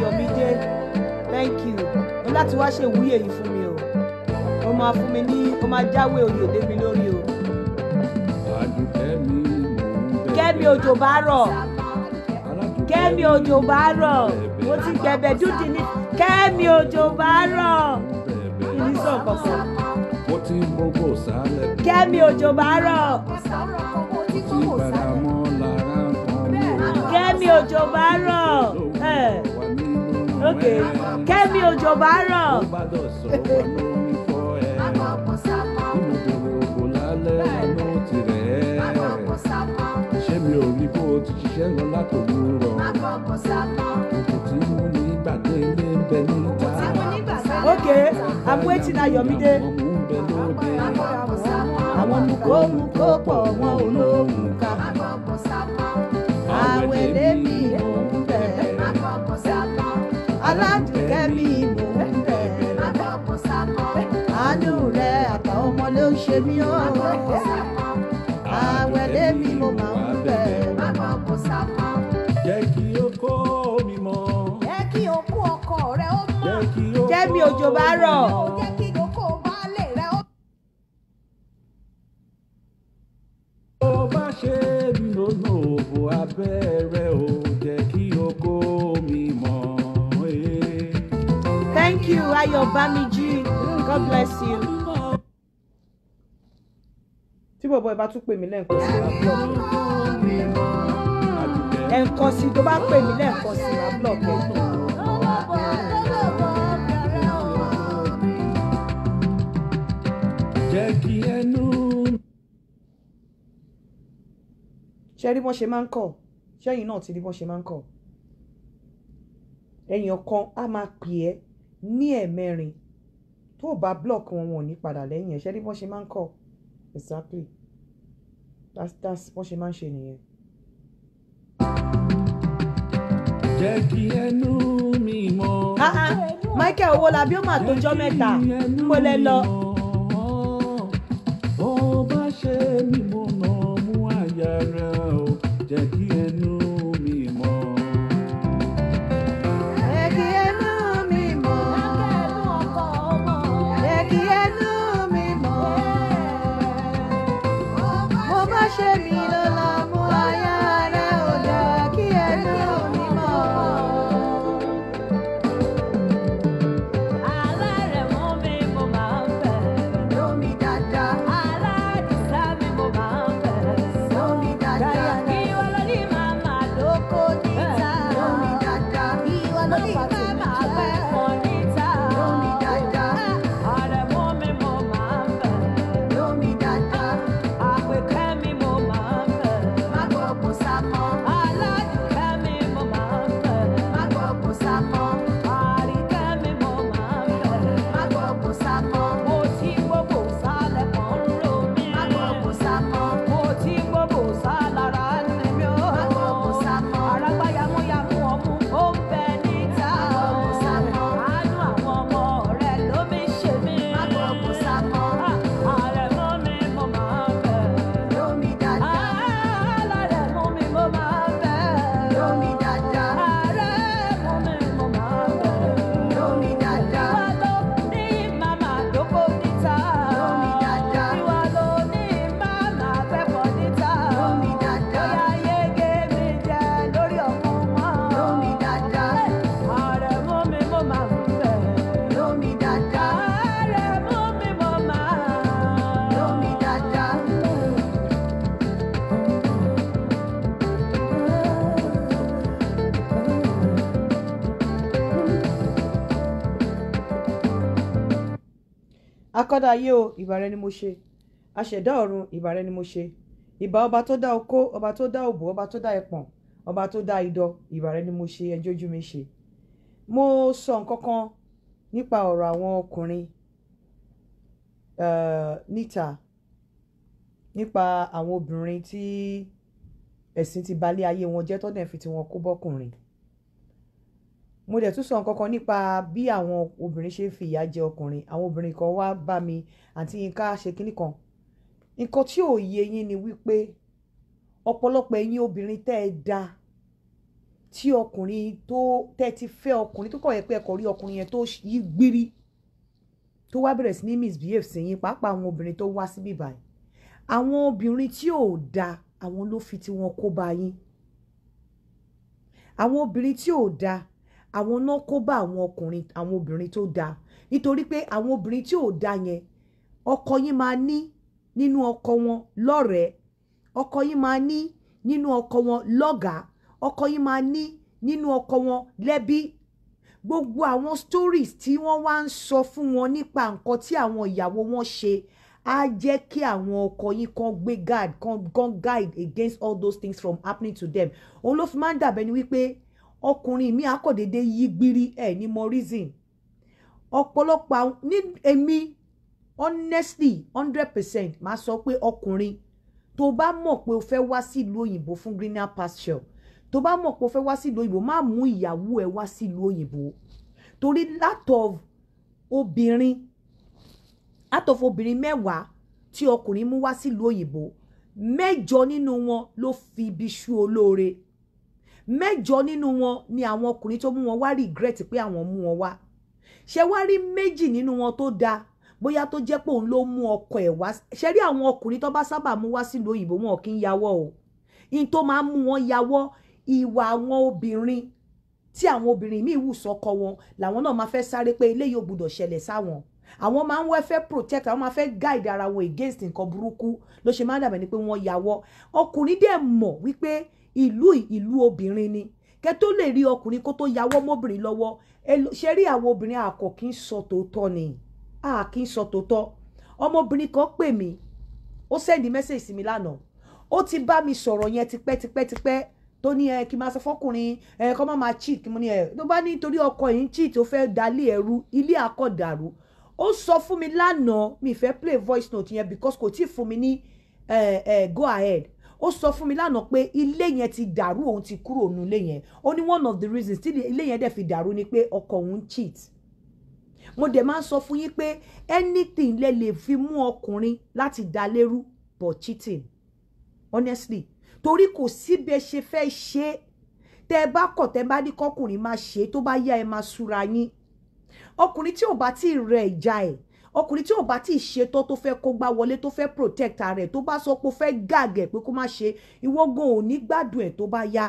Yomide thank you mo láti wá ṣe ìwúyè yìí fún mi o ó máa fún mi ní ó máa jáwé oyè lé mi lórí o. Kẹ́mi òjò bá rọ̀ Kẹ́mi òjò bá rọ̀ mo ti gbẹ̀bẹ̀ dúdú ní Kẹ́mi òjò bá rọ̀ ìní sọ̀ kọ̀ọ̀kan. mo ti ń gbogbo sálẹ̀. Kẹ́mi òjò bá rọ̀. mo ti padà mọ́ Kẹ́mi òjò bá rọ̀. Kẹ́mi òjò bá rọ̀. ṣé mi ò rí bó ti ṣiṣẹ́ lọ látòwúrọ̀ òkú tí mo ní gbàgbé ilé ń bẹ níta. ok i'm waiting ayọ̀mídé. àwọn mukó mukó pọ̀ wọn ò lóhùn ká. àwẹ̀lé mi ò. kẹ́ mi mò ń bẹ̀rẹ̀. àánú rẹ̀ àtàwọn ọmọ ló ń ṣe mí ọ́. àwẹ̀ lèmi mo máa ń bẹ̀rẹ̀. jẹ́ kí o kó mi mọ́. jẹ́ kí o kó ọkọ rẹ ó mọ́. jẹ́ mi òjò bá rọ̀. jẹ́ o kó baálé rẹ ó. ó bá ṣe mí lónà òbò Dayo Bamiji. God bless you. Tí bọ̀bọ̀ ẹ bá tún pè mí lẹ́ǹkan sí wa block. Ẹ̀ǹkan sí tó bá pè mí lẹ́ǹkan sí wa block ẹ̀dùn. Jẹ́ kí ẹnu. Ṣé rí bọ́n ṣe máa ń kọ̀? Ṣẹ́yìn náà ti rí bọ́n ṣe máa ń kọ̀? Ẹ̀yìn ọ̀kan á máa pè é ní ẹ̀ẹ̀mẹrin tó bá block wọn wọn ò ní padà lẹ́yìn ẹ̀ ṣẹ́ rí bọ́n ṣe máa ń kọ́ exactly that's that's bọ́n ṣe máa ń ṣe nìyẹn. jẹ́ kí ẹnu mi mọ́. Michael Owólabí ó mà tójọ́ mẹ́ta mo lè lọ. ó ṣe ni mo nà mú àyà rẹ̀. akọ́dá ayé o ìbà rẹ ni mo ṣe aṣẹ̀dá ọ̀run ìbà rẹ ni mo ṣe ìbà ọba tó dá okó ọba tó dá òbò ọba tó dá ẹpọ̀n ọba tó dá idọ ìbà ni mo ṣe ẹjọ́ ojú mi ṣe mo sọ nǹkan kan nípa ọ̀rọ̀ àwọn ọkùnrin eh, níta nípa àwọn obìnrin tí ẹ̀sìn ti balẹ̀ ayé wọn jẹ́ tọ́dẹ̀ fi tiwọn kó bọ́kùnrin mo dẹ̀ tún sọ nǹkan kan nípa bí àwọn obìnrin ṣe ń fi ìyà jẹ ọkùnrin àwọn obìnrin kan wá bá mi àti Yínká ṣe kínní kan nǹkan tí ò yé yín ni wípé ọ̀pọ̀lọpọ̀ ẹ̀yin obìnrin tẹ́ ẹ da tí ọkùnrin tó tẹ́ ti fẹ́ ọkùnrin tó kọ̀ yẹ pé ẹkọ̀ rí ọkùnrin yẹn tó yí gbírí tó wá bẹ̀rẹ̀ sí ní misbehave sí yín pàápàá àwọn obìnrin tó wá síbí báyìí àwọn obìnrin tí ò da àwọn ló fi tiwọn kó bá yín àwọn obìnrin tí ò da àwọn náà kó bá àwọn ọkùnrin àwọn obìnrin tó dáa nítorí pé àwọn obìnrin tí ò dáa yẹn ọkọ yín máa ní nínú ọkọ wọn lọ́rẹ̀ẹ́ ọkọ yín máa ní nínú ọkọ wọn lọ́gàá ọkọ yín máa ní nínú ọkọ wọn lẹ́bí gbogbo àwọn stories tí wọ́n wá ń sọ fún wọn nípa nǹkan tí àwọn ìyàwó wọn ṣe á jẹ́ kí àwọn ọkọ yín kan gbé guard kan guide against all those things from happening to them òun ló fi máa ń dàbẹ́ ni wípé ọkùnrin mi akọ̀dédé yí gbiri ẹ̀ ní mọ reason ọ̀pọ̀lọpọ̀ ní èmi honestly hundred percent máa sọ pé ọkùnrin tó bá mọ̀ pé o fẹ́ wá sílùú òyìnbó fún greener pasture tó bá mọ̀ pé o fẹ́ wá sílùú òyìnbó má mú ìyàwó ẹ wá sílùú òyìnbó torí lot of obìnrin lot of obìnrin mẹ́wàá tí ọkùnrin mú wá sílùú òyìnbó mẹ́jọ nínú wọn ló fi ibi ṣú olóore mẹ́jọ nínú wọn ni àwọn ọkùnrin tó mú wọn wá regret pé àwọn mú wọn wá ṣé wá rí méjì nínú wọn tó dáa bóyá tó jẹ́ pé òun ló mú ọkọ ẹ̀ wá ṣe rí àwọn ọkùnrin tó bá sábà mú wá sílùú òyìnbó wọn kì í yàwọ́ o in tó máa ń mú wọn yàwọ́ ìwà àwọn obìnrin tí àwọn obìnrin míì wù sọ́kọ wọn làwọn náà máa fẹ́ sáré pé eléyìí ò gbọdọ̀ ṣẹlẹ̀ sáwọn àwọn máa ń wẹ́ fẹ́ protect àwọn máa fẹ́ guide ara wọn against nǹkan burúkú ló ṣe máa ń dàbẹ̀ ni pé wọ́n yàwọ́ ọkùnrin dẹ̀ mọ̀ wípé ìlú ìlú obìnrin ni kẹ́ tó lè rí ọkùnrin kó tó yàwọ́ mọ́bìnrin lọ́wọ́ ṣe rí àwọn obìnrin àkọ́ kì í sọ tòótọ́ ni a kì í sọ tòótọ́ ọmọbìnrin kan pè mí ó sẹ́ndí mẹ́sẹ̀jì sí mi lánàá ó ti bá mi sọ̀rọ̀ yẹn tipẹ́tipẹ́tipẹ́ tó ní ẹ kí n máa sọ fọkùnrin ẹ kọ́ máa máa cheat kí mo ní ẹ tó bá ní torí ọkọ yìí ń cheat ó fẹ́ dalé ẹrú ilé akọ̀dàrú ó sọ fún mi lánàá mi fẹ́ play voice note yẹn because kò tí fún mi ní go ahead ó sọ fún mi lánàá pé ilé yẹn ti dàrú òun ti kúrò nínú ilé yẹn ó ní one of the reasons tí ilé yẹn dẹ̀ fi dàrú ni pé ọkọ òun cheat mo dẹ̀ máa ń sọ fún yín pé anything lè lè fi mú ọkùnrin láti dá lérú but cheating honestly torí kò síbẹ̀ ṣe fẹ́ ṣe tẹ́ ẹ bá kọ̀ tẹ́ ẹ bá ní kọkùnrin máa ṣe tó bá yá ẹ máa súra yín ọkùnrin tí ò bá tí ì ìjà ẹ̀ ọkùnrin tí ò bá tí ì ṣetán tó fẹ́ kó gbá wọlé tó fẹ́ protect ara ẹ̀ tó bá sọ pé ó fẹ́ gàgẹ̀ pé kó má ṣe ìwọ́gàn ò ní gbádùn ẹ̀ tó bá yá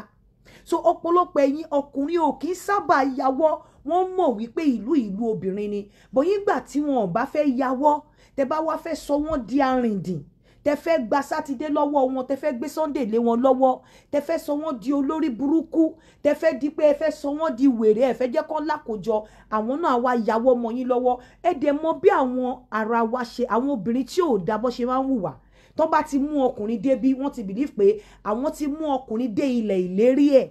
so ọ̀pọ̀lọpọ̀ ẹ̀yin ọkùnrin ò kí ń sábà yàwọ́ wọ́n mọ̀ wípé ìlú ìlú obìnrin ni bọ̀yìn gbà tí wọn ò bá fẹ́ yàwọ́ tẹ bá wá fẹ́ sọ wọ́n di arìndìn tẹ fẹ́ gba sátidé lọ́wọ́ wọn tẹ fẹ́ gbé sunday lé wọn lọ́wọ́ tẹ fẹ́ sọ wọ́n di olórí burúkú tẹ fẹ́ di pé ẹ fẹ́ sọ wọ́n di wèrè ẹ fẹ́ jẹ́ kó lákòjọ àwọn náà wá yàwó ọmọ yín lọ́wọ́ ẹ dẹ̀ mọ̀ bí àwọn ara wa ṣe àwọn obìnrin tí ò dábọ́ ṣe máa ń hùwà tó bá ti mú ọkùnrin dé bí wọ́n ti believe pe àwọn ti mú ọkùnrin dé ilẹ̀ ìlérí ẹ̀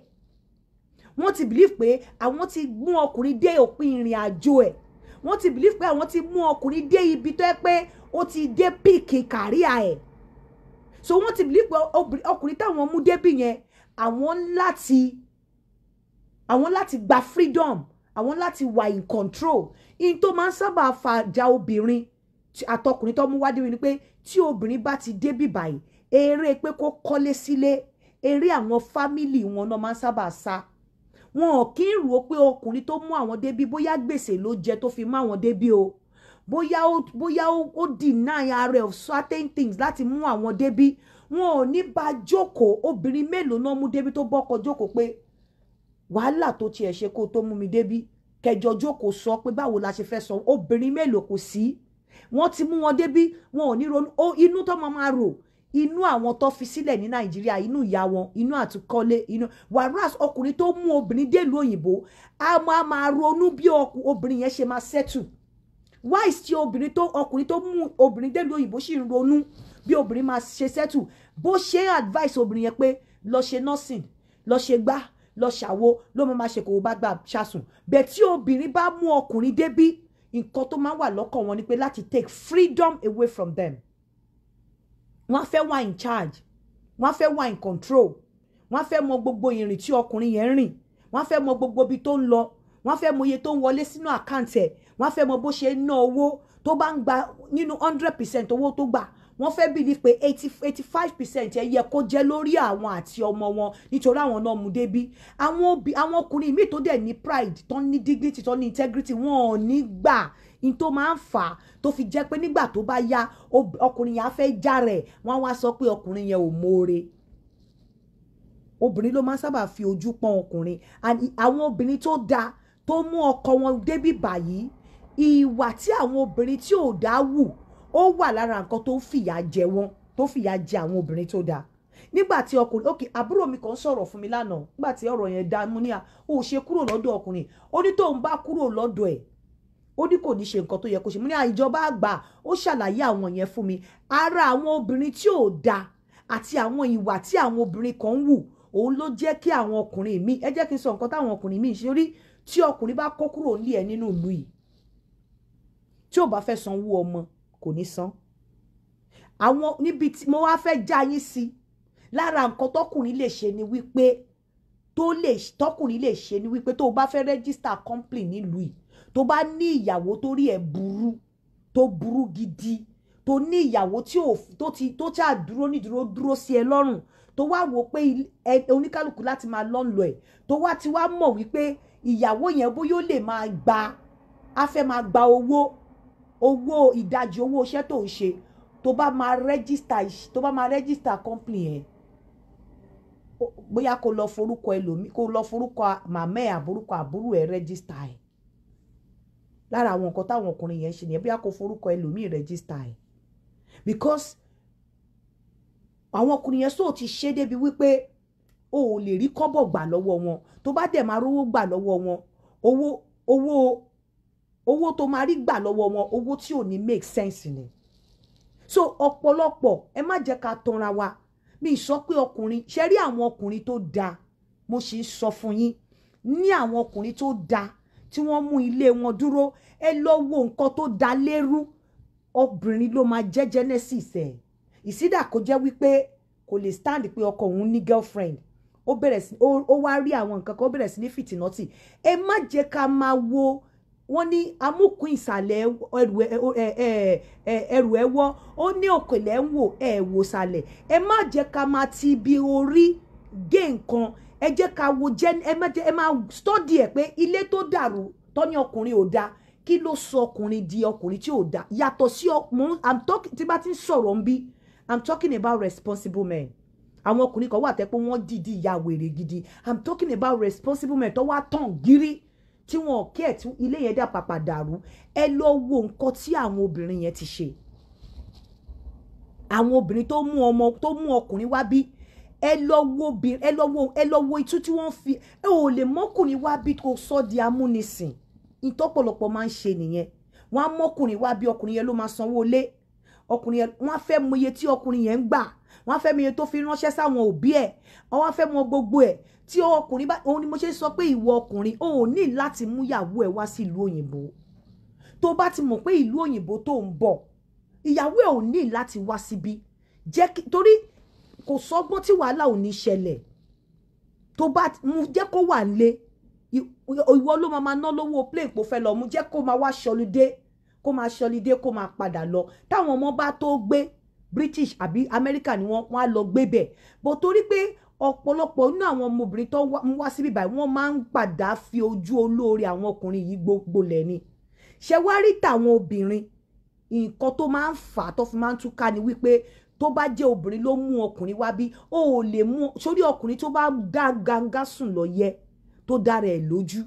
wọ́n ti believe pe àwọn ti mú ọkùnrin dé òpin ìrìn àjò ẹ̀ wọ́n ti believe pe àwọn ti mú ọkùnrin dé ibi tó yẹ pé ó ti dé píìkì kàríà ẹ̀ so wọ́n ti bìlí pé ọkùnrin táwọn mú débì yẹn àwọn láti àwọn láti gba freedom àwọn láti wà in control in tó máa ń sábà fa ja obìnrin àtọkùnrin tó mú wá débi ni pé tí obìnrin bá ti débì báyìí eré pé kó kọ́lé sílé eré àwọn fámìlì wọn náà máa ń sábà sá wọn ò kí ń rò ó pé ọkùnrin tó mú àwọn débì bóyá gbèsè ló jẹ tó fi mú àwọn débì o bóyá ó bóyá ó deny ara of certain things láti mú àwọn débí wọn ò ní bá jókòó obìnrin mélòó náà mú débí tó bọ́kọ jókòó pé wàhálà tó tiẹ̀ ṣe kó tó mú mi débí kẹjọ jókòó sọ pé báwo la ṣe fẹ́ sọ obìnrin mélòó kò sí wọ́n ti mú wọn débí wọn ò ní ronú inú tó máa máa rò inú àwọn tó fi sílẹ̀ ní nàìjíríà inú ìyá wọn inú àtúkọ́lé inú wàràs ọkùnrin tó mú obìnrin dèlú òyìnbó a máa máa ronú bí obìnrin yẹn ṣe máa settle wáìsì tí obìnrin tó ọkùnrin tó mú obìnrin délùú òyìnbó sì ń ronú bí obìnrin máa ṣe sẹ́tù bó ṣe advice obìnrin yẹn pé lọ ṣe nursing lọ ṣe gbá lọ ṣàwo ló máa ṣe kò bá gbà ṣàsùn bẹ́ẹ̀ tí obìnrin bá mú ọkùnrin débí nǹkan tó máa wà lọ́kàn wọn ni pé láti take freedom away from them wọ́n á fẹ́ wà in charge wọ́n á fẹ́ wà in control wọ́n á fẹ́ mọ gbogbo ìrìn tí ọkùnrin yẹn ń rìn wọ́n á fẹ́ mọ gbogbo ibi tó ń lọ wọ́n á fẹ́ mọ iye tó ń wọlé sínú àkáǹtì ẹ̀ wọ́n fẹ́ mọ bó ṣe ń ná owó tó bá ń gba nínú hundred percent owó tó gbà wọ́n fẹ́ believe pé eighty eighty five percent ẹ yẹ kó jẹ́ lórí àwọn àti ọmọ wọn nítorí àwọn náà mú débi àwọn òbí àwọn ọkùnrin míì tó dẹ̀ ní pride tó ní dignity tó ní integrity wọn ò ní gbà in tó máa ń fà á tó fi jẹ́ pé nígbà tó bá yá ọkùnrin yẹn á fẹ́ já rẹ̀ wọ́n á wá sọ pé ọkùnrin yẹn ò mọ̀ọ́re obìnrin ló máa sábà fi ojú pọ́n ọkùnrin àwọn obìnrin tó dáa tó mú ọkọ wọn débi báyìí ìwà tí àwọn obìnrin tí ò dá wù ó wà lára nǹkan tó fìyà jẹ wọn tó fìyà jẹ àwọn obìnrin tó dáa nígbà tí ọkùnrin ok àbúrò mi kan sọ̀rọ̀ fún mi lánàá nígbà tí ọ̀rọ̀ yẹn dá mú ní à ó ṣe kúrò lọ́dọ̀ ọkùnrin ó ní tóun bá kúrò lọ́dọ̀ ẹ̀ ó ní kò ní ṣe nǹkan tó yẹ kó ṣe mú ní àìjọba àgbà ó ṣàlàyé àwọn yẹn fún mi ara àwọn obìnrin tí ò da àti àwọn ìwà tí àwọn obìnrin kan ń wù òun ló jẹ́ kí àwọn ọkùnrin mi ẹ jẹ́ kí n sọ nǹkan táwọn ọkùnrin mi ń ṣe rí tí ọkùnrin bá kó kúrò nílé nínú ìlú yìí tí ò bá fẹ́ sanwó ọmọ kò ní san àwọn níbi tí mo wá fẹ́ já yín sí lára nǹkan tọkùnrin lè ṣe ni wípé tó lè tọkùnrin lè ṣe ni wípé tó o bá fẹ́ rẹ́gísítà complain nílùú yìí tó bá ní ìyàwó tó rí ẹ̀ burú tó burú gidi tó ní ìyàwó tí ò tó ti tó tí àdúró nídúró dúró sí ẹ lọ́rùn tó wá wò pé oníkálukú láti máa lọ́nlọ́ ẹ̀ tó wá ti wá mọ̀ wípé ìyàwó yẹn bóyá ó lè máa gba á fẹ́ máa gba owó owó ìdajì owó iṣẹ́ tó ń ṣe tó bá máa rẹ́gísítà tó bá máa rẹ́gísítà company yẹn bóyá kó lọ forúkọ ẹlòmí kó lọ forúkọ màmá ẹ àbúrúkọ àbúrò ẹ rẹ́gísítà ẹ lára àwọn nǹkan táwọn ọkùnrin yẹn ṣe nìyẹn bóyá kó forúkọ ẹlòmí rẹ́gísítà ẹ because àwọn ọkùnrin yẹn sóò ti ṣe débi wípé o ò lè rí kọ́bọ̀ gbà lọ́wọ́ wọn tó bá dẹ̀ máa rówó gbà lọ́wọ́ wọn owó owó owó tó máa rí gbà lọ́wọ́ wọn owó tí ò ní make sense ni so ọ̀pọ̀lọpọ̀ ẹ má jẹ́ ká tanra wa mi sọ pé ọkùnrin ṣe rí àwọn ọkùnrin tó dáa mo sì ń sọ fún yín ní àwọn ọkùnrin tó dáa tí wọ́n mú ilé wọn dúró ẹ lọ wo nǹkan tó da lérú obìnrin ló máa jẹ́ genesis ẹ̀ ìsídà kò jẹ́ wípé kò lè stand pé ọkọ òun ní girlfriend ó bẹ̀rẹ̀ sí ó wá rí àwọn nǹkan kan ó bẹ̀rẹ̀ sí ní fìtìnọ́tì ẹ má jẹ́ ká máa wo wọ́n ní amúkún ìsàlẹ̀ ẹrù ẹwọ́ ó ní òkèlè ń wò ẹ̀ wò sàlẹ̀ ẹ má jẹ́ ká máa ti ibi orí gé nǹkan ẹ jẹ́ ká wo ẹ máa stọ́dì ẹ̀ pé ilé tó dàrú tọ́ni ọkùnrin ò dáa kí ló sọ ọkùnrin di ọkùnrin tí ò dáa yàtọ̀ sí ọkùnrin i'm talking tí bá ti ń sọ̀rọ̀ ń i'm talking about responsible men àwọn ọkùnrin kan wà tẹ́ pé wọ́n dìdí ìyá wèrè gidi i'm talking about responsible men tó wá tàn gírí tí wọn ò kí ẹ̀ tí ilé yẹn dà pàpà dàrú ẹ lọ wo nǹkan tí àwọn obìnrin yẹn ti ṣe àwọn obìnrin tó mú ọmọ tó mú ọkùnrin wá bí ẹ lọ wo ẹ lọ wo ẹ lọ wo itú tí wọ́n fi ẹ ò lè mọ́kùnrin wá bí kò sọ di amúnisìn ìtọ́pọ̀lọpọ̀ máa ń ṣe nìyẹn wọ́n á mọ́kùnrin wá bí ọkùnrin yẹn ló máa sanwó lé ọkùnrin yẹn wọ́n á fẹ́ mọ iye tí ọkùnrin yẹn ń gbà wọ́n á fẹ́ mọ iye tó fi ránṣẹ́ sáwọn òbí ẹ̀ wọ́n á fẹ́ mọ gbogbo ẹ̀ tí ọkùnrin bá òun ni mo ṣe sọ pé ìwọ ọkùnrin ò ní láti mú ìyàwó ẹ̀ wá sí ìlú òyìnbó tó bá ti mọ̀ pé ìlú òyìnbó tó ń bọ̀ ìyàwó ẹ̀ ò ní láti wá síbí jẹ́ kí torí kò sọ́gbọ́n tí wàhálà ò ní ṣẹlẹ̀ tó bá mú jẹ́ kó wà lé ìwọ ló máa ná lówó plane pò fẹ́ lọ mú jẹ́ kó máa wá ṣọlùdé kó máa ṣọlidé kó máa padà lọ táwọn ọmọ bá tó gbé British àbí America ni wọ́n á lọ gbé bẹ̀ bó torí pé ọ̀pọ̀lọpọ̀ nínú àwọn ọmọbìnrin tó ń wá síbí báyìí wọ́n máa ń padà fi ojú olóore àwọn ọkùnrin yìí gbolẹ̀ ni ṣé wá rí tàwọn obìnrin nǹkan tó máa ń fà á tó fi máa ń túká ni wípé tó bá jẹ́ obìnrin ló mú ọkùnrin wá bí ó ò lè mú sórí ọkùnrin tó bá dá gangá sùn lọ yẹ tó dára ẹ̀ lójú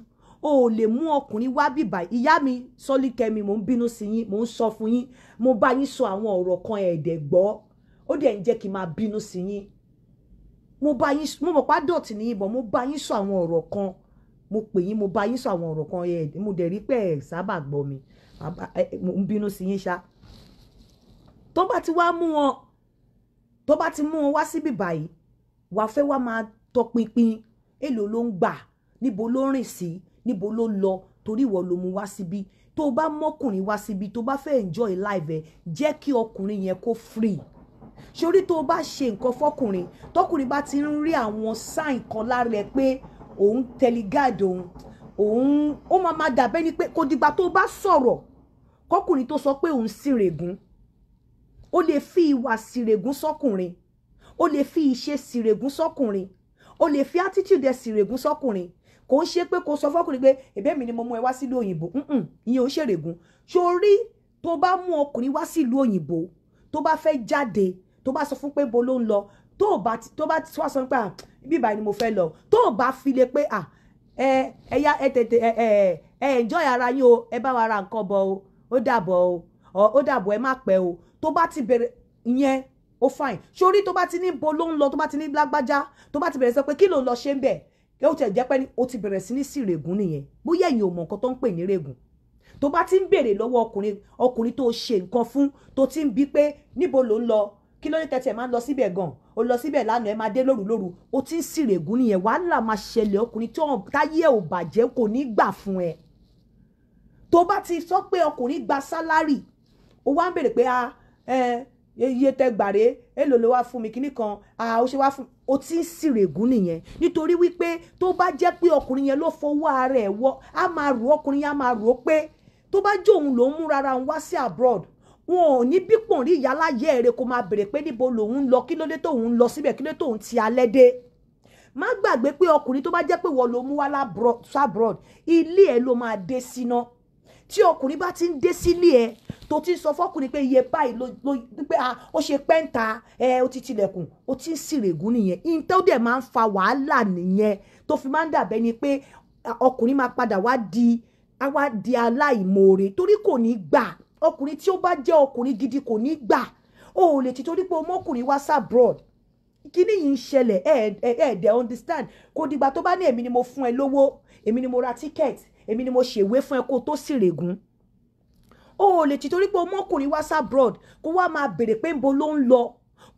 o ò lè mú ọkùnrin wá bìbà ìyá mi sọ́líkẹ́mi mò ń mo sí yín mò ń sọ fún yín mo bá yín sọ àwọn ọ̀rọ̀ kan ẹ̀ẹ́dẹ̀ gbọ́ ó dẹ̀ ń jẹ́ kí n máa bínú sí yín mo bá yín mo mọ̀ pá dọ̀tí ní ìbọn mo bá yín sọ àwọn ọ̀rọ̀ kan mo pè yín mo bá yín sọ àwọn ọ̀rọ̀ kan ẹ̀ẹ́dẹ̀ mo dẹ̀ rí pé ẹ̀ sábà gbọ́ mi mo ń si sí yín ṣá tó bá ti wá mú wọn tó ba ti mú wọn wá síbì báyìí wàá fẹ́ wá máa tọpinpin èlò ló ń gbà níbo ló ń rìn sí níbo ló lọ torí ìwọ ló mú wá síbí tó bá mọ́kùnrin wá síbi tó bá fẹ́ enjoy life ẹ jẹ́ kí ọkùnrin yẹn kó free ṣorí tó o bá ṣe nǹkan fọkùnrin tọkùnrin bá ti ń rí àwọn sign kan lára ẹ pé òun tẹlígáàdì òun òun ó máa máa dàbẹ́ ni pé kò dìgbà tó bá sọ̀rọ̀ kọkùnrin tó sọ pé òun sírègùn ó lè fi ìwà sírègùn sọkùnrin ó lè fi ìṣe sírègùn sọkùnrin ó lè fi attitude ẹ sírègùn sọkùnrin kò ń ṣe pé kò sọ fọkùnrin pé ẹ̀bẹ̀ mi ni mo mú ẹ wá sílùú òyìnbó ìyẹn ò ṣèrègùn sórí tó bá mú ọkùnrin wá sílùú òyìnbó tó bá fẹ́ jáde tó bá sọ fún pé bo ló ń lọ tó bá tó bá wá sọ pé bíbá ni mo fẹ́ lọ tó bá fi lè pé ẹ ẹ ya ẹ tètè ẹ ẹ ẹ enjoy ara yín o ẹ bá wa ra nǹkan bọ̀ o ó dàbọ̀ o ó dàbọ̀ ẹ má pẹ́ o tó bá ti bẹ̀rẹ̀ ìyẹn ó fine sórí tó bá ti ní bo ló ń lọ tó bá ti ní lágbájá tó bá ti bẹ̀rẹ̀ sọ pé kí ló ń lọ ṣe ń bẹ̀ kẹ́ ó tẹ̀ jẹ́ pẹ́ ni ó ti bẹ̀rẹ̀ sí ní sí règùn nìyẹn bóyá ẹ̀yin ò mọ̀ nǹkan tó ń pè ní règùn tó bá ti ń béèrè lọ́wọ́ ọkùnrin ọkùnrin tó ṣe nǹkan fún tó ti ń bi pé níbo ló ń lọ kí ló ní tẹ̀tẹ̀ máa ń lọ síbẹ̀ gan o lọ síbẹ̀ lánàá ẹ máa dé lóru lóru o ti ń sì règùn nìyẹn wàhálà máa ṣẹlẹ̀ ọkùnrin tí táyé ò bàjẹ́ kò ní gbà fún ẹ tó bá ti sọ pé ọkùnrin gba sálárì o wá ń béèrè pé a ah, ẹ iye tẹgbàre èlò ló wá fún mi kíní kan ó ṣe wá fún o ti ń sìrègùn nìyẹn nítorí wípé tó bá jẹ́ pé ọkùnrin yẹn ló fọwọ́ ara ẹ̀ wọ́ á máa rò ọkùnrin yẹn á máa rò ó pé tó bá jẹ́ òun ló ń múra òun wá sí abroad wọn ò ní bí pọ̀nrí ìyáláyé ẹ̀rẹ́ kó máa bèrè pé níbo lòun ń lọ kí ló dé tóun ń lọ síbẹ̀ kí ló dé tóun ti alẹ́ dé má gbàgbé pé ọkùnrin tó bá jẹ́ pé wọ́n ló mú wá sábrọ̀d ilé ẹ̀ ló máa dé síná tí ọkùnrin bá ti ń dé sílé ẹ̀ tó ti sọ fọ́kùnrin pé iye báyìí ló pé ah, ó ṣe pẹ́ńta ẹ ó ti tilẹ̀kùn ó ti ń sìrègùn nìyẹn ihun tó dẹ̀ máa ń fa wàhálà nìyẹn tó fi máa ń dàbẹ́ ni pé ọkùnrin máa padà wá di wá di aláìmoore torí kò ní gbà ọkùnrin tí ó bá jẹ́ ọkùnrin gidi kò ní gbà o ò lè ti torí pé ọmọkùnrin wá sábrọ̀d kíní yìí ń ṣẹlẹ̀ ẹ ẹ dẹ̀ understand kò dìgbà tó bá ní èmi ni mo fún ẹ lówó èmi ni mo ra ticket èmi ni mo ṣèwé fún ẹ kó tó sìrègùn o ò lè ti torí pé o mọ́kùnrin wá sá abroad kó wá máa béèrè pé ń bo ló ń lọ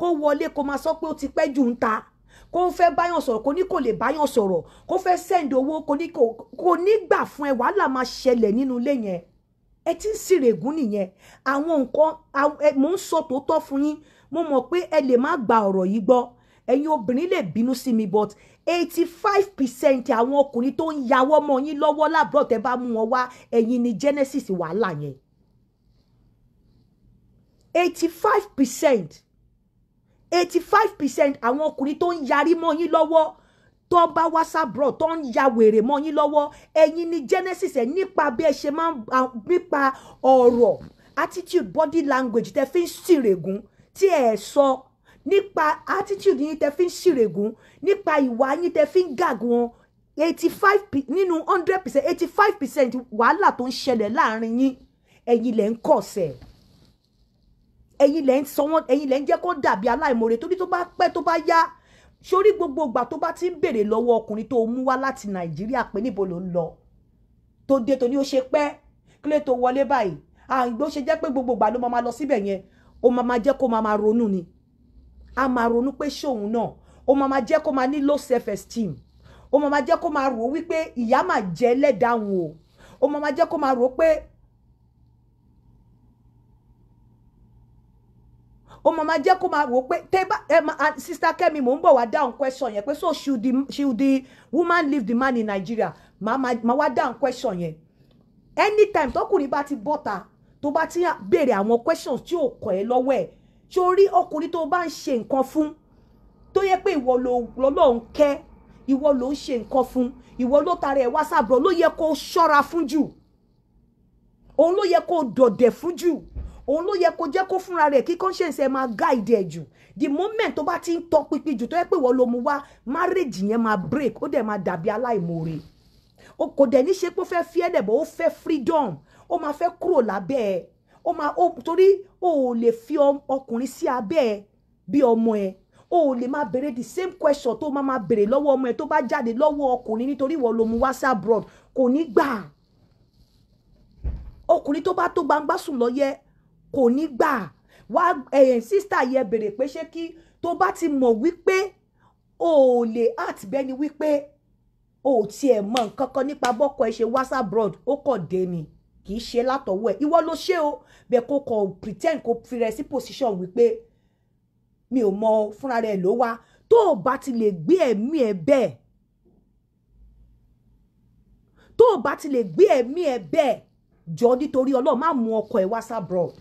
kó wọlé kó máa sọ pé ó ti pẹ́ jù ń ta kó fẹ́ báyàn sọ̀rọ̀ kó ní kò lè báyàn sọ̀rọ̀ kó fẹ́ send owó kó ní gbà fún ẹ wàhálà máa ṣẹlẹ̀ nínú ilé yẹn ẹ ti ń sìrègùn nìyẹn àwọn nǹkan mò ń sọ tòótọ́ fún yín mo mọ̀ pé ẹ lè má gba ọ̀rọ̀ yìí gbọ́ ẹ̀yin obìnrin lè bínú sí mi but eighty five percent àwọn ọkùnrin tó ń yàwọ́ mọ́ yín lọ́wọ́ lábúrò tẹ́ bá mú wọn wá ẹ̀yin ni genesis wàhálà yẹn eighty five percent eighty five percent àwọn ọkùnrin tó ń yarí mọ́ yín lọ́wọ́ tó bá wá sábúrọ̀ tó ń ya wèrè mọ́ yín lọ́wọ́ ẹ̀yin ni genesis ẹ̀ nípa bí ẹ ṣe máa ń nípa ọ̀rọ̀ attitude body language tẹ fi ń ṣìrègùn tí ẹ sọ nípa attitude yín tẹ fi ń ṣìrègùn nípa ìwà yín tẹ fi ń gàgùn eighty five nínú hundred percent eighty five percent wàhálà tó ń ṣẹlẹ̀ láàrin yín ẹ̀yin lẹ ń kọ̀ sẹ́ẹ̀ ẹ̀yin lẹ́ ń sọ wọ́n ẹ̀yin lẹ́ ń jẹ́ kó dàbí aláìmoore torí tó bá pẹ́ tó bá yá sórí gbogbo ìgbà tó bá ti ń béèrè lọ́wọ́ ọkùnrin tó mú wá láti nàìjíríà pé níbo ló ń lọ tó dé tó ní ó ṣe pẹ́ kílé tó wọlé báyìí àgbò ṣe jẹ́ pé gbogbo ìgbà ló máa lọ síbẹ̀ yẹn ó máa máa kó máa ronú ni a máa ronú pé ṣòun náà ó máa máa kó máa ní low self esteem ó máa máa jẹ́ kó máa rò wípé ìyá máa jẹ́ lẹ́dàá o ó máa máa jẹ́ kó máa rò pé ó máa máa jẹ́ kó máa wò pé tẹ́bá ẹ ah, sister Kẹ́mi mò ń bọ̀ wá down question yẹn pé so should the should the woman leave the man in Nigeria máa wá down question yẹn anytime tọkùnrin bá ti bọ́ta tó bá ti béèrè àwọn questions tí ò kọ́ ẹ lọ́wọ́ ẹ̀ sórí ọkùnrin tó bá ń ṣe nǹkan fún tó yẹ pé ìwọ ló ń kẹ́ ìwọ ló ń ṣe nǹkan fún ìwọ ló tara ẹ̀ wá sábọ̀ ló yẹ kó ṣọ́ra fún jù òun ló yẹ kó dọ̀dẹ̀ fún jù òun ló yẹ kó jẹ́ kó fúnra rẹ̀ kí conscience ẹ máa guide ẹ jù the moment tó bá ti ń tọ pinpin jù tó yẹ pé wọ́n ló mu wá marriage yẹn máa break ó dẹ̀ máa dàbí aláìmoore o kò dẹ̀ ní ṣe pé ó fẹ́ fi ẹ́ dẹ̀ bọ́ ó fẹ́ freedom ó máa fẹ́ kúrò lábẹ́ ẹ ó máa ó torí o ò lè fi ọkùnrin sí abẹ́ ẹ bí ọmọ ẹ o ò lè máa béèrè the same question tó máa máa béèrè lọ́wọ́ ọmọ ẹ tó bá jáde lọ́wọ́ ọkùnrin nítorí wọ́n ló mu wá sí abroad kò ní gbà ọkùnrin tó bá tó gbangba sùn kò ní gbà wá eh, sísítà yẹ bèrè pé ṣé kí tó bá ti mọ̀ wípé o ò lè àti bẹ́ni wípé o ò tiẹ̀ mọ̀ nǹkan kan nípa bọ́kọ ẹ ṣe wásà broad ó kọ̀ dé ni kì í ṣe látọ̀wọ́ ẹ̀ ìwọ ló ṣe o bẹ́ẹ̀ kó kọ̀ pretend kó fi rẹ sí position wípé mi ò mọ fúnra rẹ ló wá tó o bá ti lè gbé ẹ̀mí ẹ bẹ́ẹ̀ tó o bá ti lè gbé ẹ̀mí ẹ bẹ́ẹ̀ jọ nítorí ọlọ́run má mú ọkọ ẹ wásà broad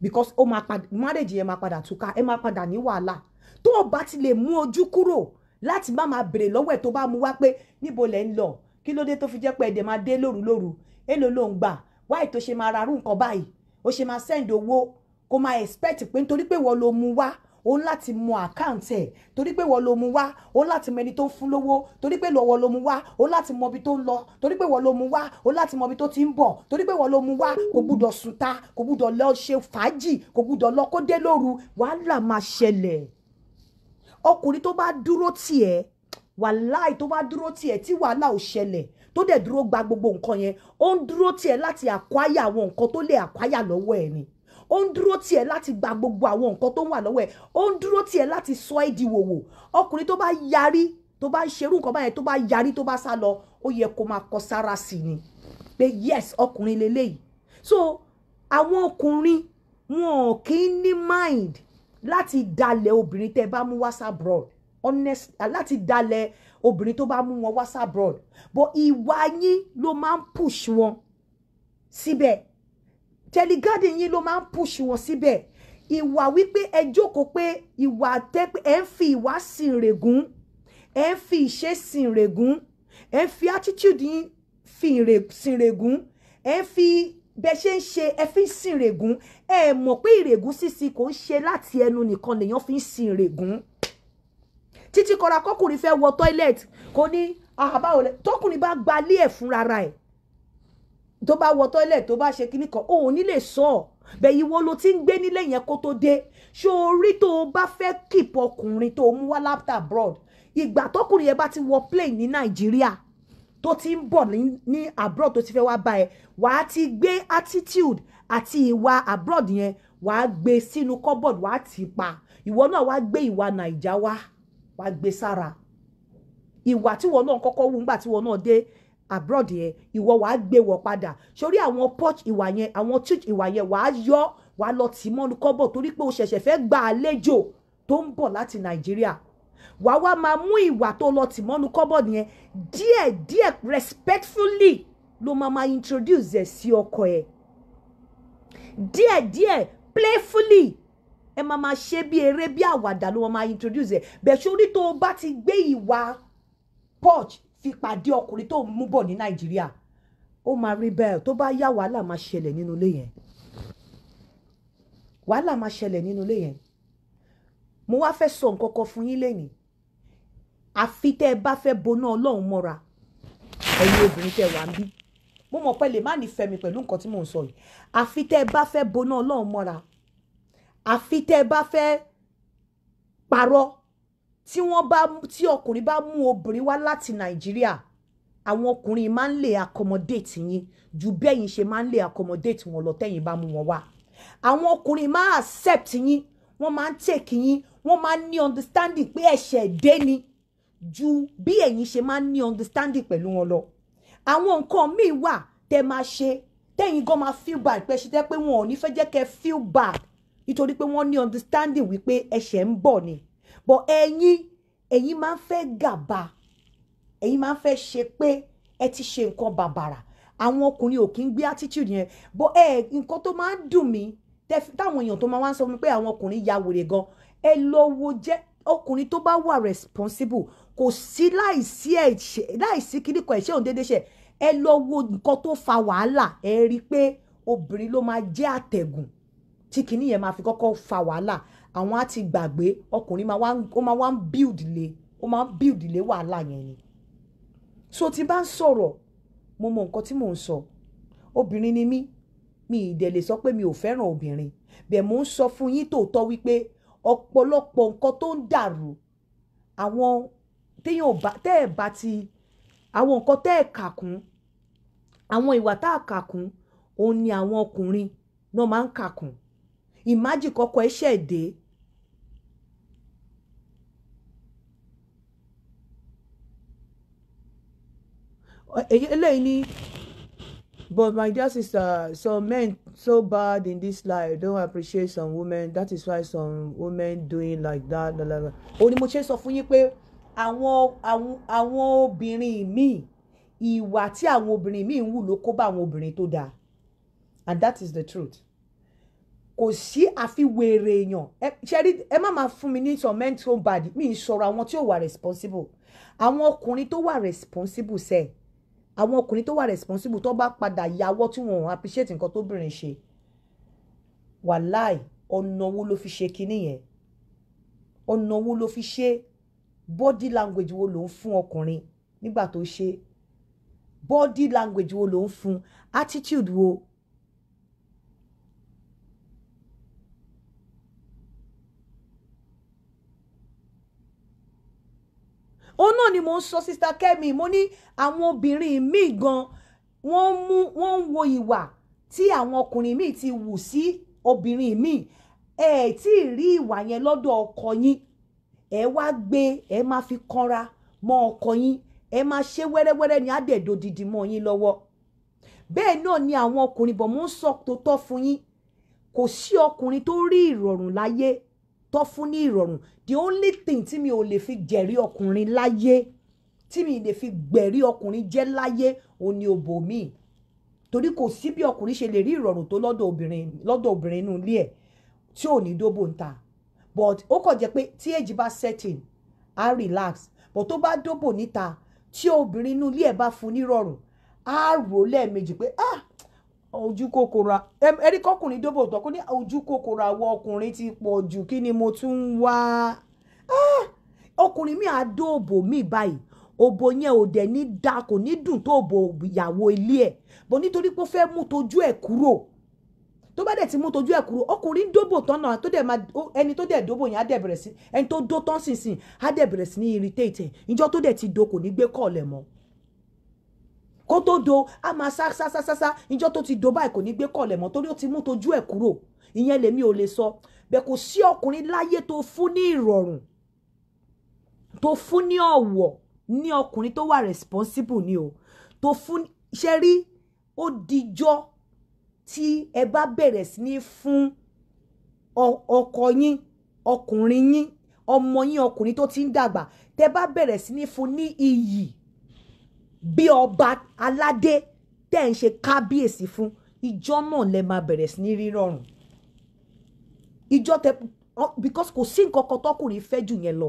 because ó máa padà marriage yẹn máa padà túká ẹ máa padà ní wàhálà tó o bá ti lè mú ojú kúrò láti má máa bèrè lọ́wọ́ ẹ̀ tó bá mú wá pé níbo lẹ̀ ń lọ kí ló dé tó fi jẹ́ pé ẹ̀dẹ̀ máa dé lóru lóru èlò ló ń gbà wáì tó ṣe máa rarú nǹkan báyìí ó ṣe máa send owó kó máa expect pé nítorí pé wọ́n ló mú wá ó ń láti mọ àkáǹtì ẹ̀ torí pé wọ́n ló mú wá ó ń láti mọ ẹni tó ń fún lówó torí pé wọ́n ló mú wá ó ń láti mọ ibi tó ń lọ torí pé wọ́n ló mú wá ó ń láti mọ ibi tó ti ń bọ̀ torí pé wọ́n ló mú wá kò gbúdọ̀ sùn ta kò gbúdọ̀ lọ ṣe fàájì kò gbúdọ̀ lọ kó dé lóru wàhálà máa ṣẹlẹ̀ ọkùnrin tó bá dúró tiẹ̀ wàláì tó bá dúró tiẹ̀ tí wàhálà ò ṣẹlẹ̀ tó dẹ̀ dúró gba gbogbo nǹkan yẹn ó ń dúró tiẹ̀ láti àkwáyà àwọn nǹkan tó lè àkwáyà lọ́wọ́ ẹ̀ ni ó ń dúró tiẹ̀ láti gba gbogbo àwọn nǹkan tó ń wà lọ́wọ́ ẹ̀ ó ń dúró tiẹ̀ láti sọ ẹ́ di wòwò ọkùnrin tó bá yarí tó bá ń ṣerú nǹkan báyẹn tó bá yarí tó bá sá lọ ó yẹ kó máa kọ sára sí ni pé yes ọkùnrin leléyìí so àwọn ọkùnrin wọn kì í ní mind láti dalẹ̀ obìnrin tẹ́ bá mú wá sábrọ̀d honest láti dalẹ̀ obìnrin tó bá mú wọn wá sábrọ̀d but ìwà yín ló máa ń push wọn síbẹ̀. Si jelly garden yín ló máa ń push wọn síbẹ̀ ìwà wípé ẹ jókòó pé ìwà tẹ́ pé ẹ ń fi ìwà sìn règún ẹ ń fi ìṣe sìn règún ẹ ń fi attitude yín fi sìn règún ẹ ń fi bẹ ṣe ń ṣe ẹ fi ń sìn règún ẹ mọ̀ pé ìrègún sísìn kò ń ṣe láti ẹnu nìkan lèèyàn fi ń sìn règún títí kọra kọkùnrin fẹ́ wọ toilet kò ní àbáwọlẹ ah, tọkùnrin bá gbalé ẹ̀ fúnra ẹ̀ tó bá wọ tọ́lẹ̀ tó bá ṣe kíní kan òun nílé sọ ọ́ bẹ́ẹ̀ ìwọ ló ti ń gbé nílé yẹn kó tó dé ṣó orí tó o bá fẹ́ kìp ọkùnrin tó o mú wá láptà abroad ìgbà tọkùnrin yẹn bá ti wọ plane ní nàìjíríà tó ti ń bọ̀ ní abroad tó ti fẹ́ wá bá ẹ wàá ti gbé attitude àti ìwà abroad yẹn wàá gbé sínú cupboard wàá tì pa ìwọ náà wàá gbé ìwà nàìjà wá wàá gbé sára ìwà tíwọ náà kọ́kọ́ wù ńgbà tíwọ náà dé abroad yẹn ìwọ wàá gbé wọ padà sórí àwọn porch ìwà yẹn àwọn church ìwà yẹn wàá yọ wàá lọ tì mọ́nu kọ́bọ̀ torí pé o ṣẹ̀ṣẹ̀ fẹ́ gba àlejò tó ń bọ̀ láti nàìjíríà wàá wá máa mú ìwà tó lọ tì mọ́nu kọ́bọ̀ yẹn díẹ̀ díẹ̀ respectfully ló máa máa introduce ẹ̀ sí ọkọ ẹ̀ díẹ̀ díẹ̀ playfully ẹ máa máa ṣe bí eré bí àwàdà ló máa introduce ẹ̀ bẹ̀ sórí tó o bá ti gbé ìwà porch fi pàdé ọkùnrin tó ń mú bọ̀ ní nàìjíríà ó máa rí bẹ́ẹ̀ tó bá yá wàhálà máa ṣẹlẹ̀ nínú ilé yẹn wàhálà máa ṣẹlẹ̀ nínú ilé yẹn mo wá fẹ́ sọ nǹkan kan fún yín lénìí àfi tẹ́ ẹ bá fẹ́ boná ọlọ́run mọ́ra ẹ̀yin obìnrin tẹ́ wà ń bí mo mọ̀ pé lè má nífẹ̀ẹ́ mi pẹ̀lú nǹkan tí mò ń sọ yìí àfi tẹ́ ẹ bá fẹ́ boná ọlọ́run mọ́ra àfi tẹ́ ẹ bá fẹ́ parọ́ tí wọ́n bá tí ọkùnrin bá mú obìnrin wá láti nàìjíríà àwọn ọkùnrin máa ń lè accommodate yín ju bẹ́yìn ṣe máa ń lè accommodate wọn lọ tẹ́yìn bá mú wọn wá àwọn ọkùnrin máa accept yín wọ́n máa ń take yín wọ́n máa ń ní understanding pé ẹ̀ṣẹ̀ dé ni ju bí ẹ̀yin ṣe máa ń ní understanding pẹ̀lú wọn lọ àwọn nǹkan míì wà tẹ́ máa ṣe tẹ́yìn gan máa feel bad pé ṣe tẹ́ pé wọn ò ní fẹ́ jẹ́ kẹ́ feel bad nítorí pé wọ́n ní understanding wípé ẹ̀ṣẹ̀ ń bọ̀ ni but ẹ̀yin ẹ̀yin máa ń fẹ́ gàba ẹ̀yin máa ń fẹ́ ṣe pé ẹ ti ṣe nǹkan bàbàrà àwọn ọkùnrin ò kí ń gbé attitude yẹn but ẹ nǹkan tó máa ń dùn mí táwọn èèyàn tó máa wá ń sọ fún mi pé àwọn ọkùnrin ya wèrè gan ẹ lọ wo jẹ́ ọkùnrin tó bá wà responsible kò sí láìsí ẹ̀ṣẹ̀ láìsí kíníkọ ẹ̀ṣẹ̀ òun déédéé ṣẹ̀ ẹ lọ wo nǹkan tó fa wàhálà ẹ rí i pé obìnrin ló máa jẹ́ àtẹ̀gùn tí kìíní yẹn máa fi kọ́kọ́ fa wàhálà àwọn á ti gbàgbé ọkùnrin máa wá ń build lé ó máa ń build lé wàhálà yẹn ni so tí bá ń sọ̀rọ̀ mo mọ nǹkan tí mò ń sọ obìnrin ni mí mi ìdẹ̀ lè sọ pé mi ò fẹ́ràn obìnrin bẹ́ẹ̀ mò ń sọ fún yín tòótọ́ wípé ọ̀pọ̀lọpọ̀ nǹkan tó ń dàrú àwọn téèyàn bá tẹ́ ẹ̀ bá ti àwọn nǹkan tẹ́ ẹ̀ kà kún àwọn ìwà tá a kà kún òun ni àwọn ọkùnrin náà máa ń kà kún ìmájì ẹ ṣẹ̀ eléyìí ni but my dear sister some men so bad in this life don't appreciate some women that is why some women doing like that lalala ó ní mo ṣe sọ fún yín pé àwọn àwọn àwọn obìnrin míì ìwà tí àwọn obìnrin míì ń wù ló kó bá àwọn obìnrin tó dáa and that is the truth kò sí àfiwèrè èèyàn ṣẹ́rí ẹ má máa fún mi ní some men so bad mi ń sọ̀rọ̀ àwọn tí ò wà responsible àwọn ọkùnrin tó wà responsible sẹ́ẹ̀ àwọn ọkùnrin tó wà responsible tó bá padà yàwọ́ tí wọ́n appreciate nǹkan tóbìnrin ṣe wàláì ọ̀nà wo ló fi ṣe kinní yẹn ọ̀nà ló fi ṣe body language wo ló ń fún ọkùnrin nígbà tó ṣe body language wo ló ń fún attitude wo òun náà ni mo ń sọ sista Kẹ́mi mo ní àwọn obìnrin míì gan wọ́n ń wo ìwà tí àwọn ọkùnrin míì ti wù sí obìnrin míì ẹ ẹ tí ì rí ìwà yẹn lọ́dọ̀ ọkọ yín ẹ wá gbé ẹ má fi kanra mọ́ ọkọ yín ẹ má ṣe wẹ́rẹ́wẹ́rẹ́ ní àdẹ̀dò dìdì mọ́ yín lọ́wọ́ bẹ́ẹ̀ náà ni àwọn ọkùnrin bọ̀ mo ń sọ tó tọ́ fún yín kò sí ọkùnrin tó rí ìrọ̀rùn láyé tó fún ní ìrọ̀rùn the only thing tí mi ò lè fi jẹ̀rí ọkùnrin láyé tí mi lè fi gbẹ̀rí ọkùnrin jẹ́ láyé O ni òbò mi torí kò sí bí ọkùnrin ṣe lè rí ìrọ̀rùn tó lọ́dọ̀ obìnrin lọ́dọ̀ obìnrin inú ilé ẹ̀ tí ò ní dóbò ń ta but ó kàn jẹ́ pé tí èjì bá setting á relax but tó bá dóbò níta tí obìnrin inú ilé ẹ̀ bá fún nírọ̀rùn á rò lẹ́ẹ̀mejì pé ah ojú kòkòrò ẹrí kọkùnrin dóbò tán kó ní ojú kòkòrò àwọn ọkùnrin ti pọ̀ jù kí ni mo tún ń wá ah! ọkùnrin mi àdóòbò mi báyìí òbò yẹn ò dẹ̀ ní da kò ní dùn tó òbò ìyàwó ilé ẹ̀ bọ̀ nítorí pé ó fẹ́ mú tojú ẹ̀ kúrò tó bá dẹ̀ ti mú tojú ẹ̀ kúrò ọkùnrin dóbò tán náà tó dẹ̀ máa ẹni tó dẹ̀ dóbò yẹn á dẹ̀ bẹ̀rẹ̀ sí ẹni tó dó tán sínsìn á dẹ̀ bẹ̀rẹ̀ sí ní irritate ìjọ tó dẹ̀ ti do kò ní gbé kọ̀ọ̀lẹ̀ mọ́ kó tó do a máa sá sá sá sá sá ìjọ tó ti do báyìí kò ní gbé kọ̀lẹ̀ mọ́ torí ó ti mú tojú ẹ̀ kúrò ìyẹn lèmi ò lè sọ bẹ́ẹ̀ kò sí ọkùnrin láyé tó fún ní ìrọ̀rùn tó fún ní ọ̀wọ̀ ní ọkùnrin tó wà responsible ni o tó fún ṣe rí ó dijọ́ tí ẹ bá bẹ̀rẹ̀ sí ní fún ọkọ yín ọkùnrin yín ọmọ yín ọkùnrin tó ti ń dàgbà tẹ bá bẹ̀rẹ̀ sí ní fún ní iyì bí ọba aládé tẹ́ ń ṣe kábíyèsí fún ìjọ náà lẹ máa bẹ̀rẹ̀ sí ní rírọ̀rùn ìjọ tẹ because kò sí nǹkan kan tọkùnrin fẹ́ jù yẹn lọ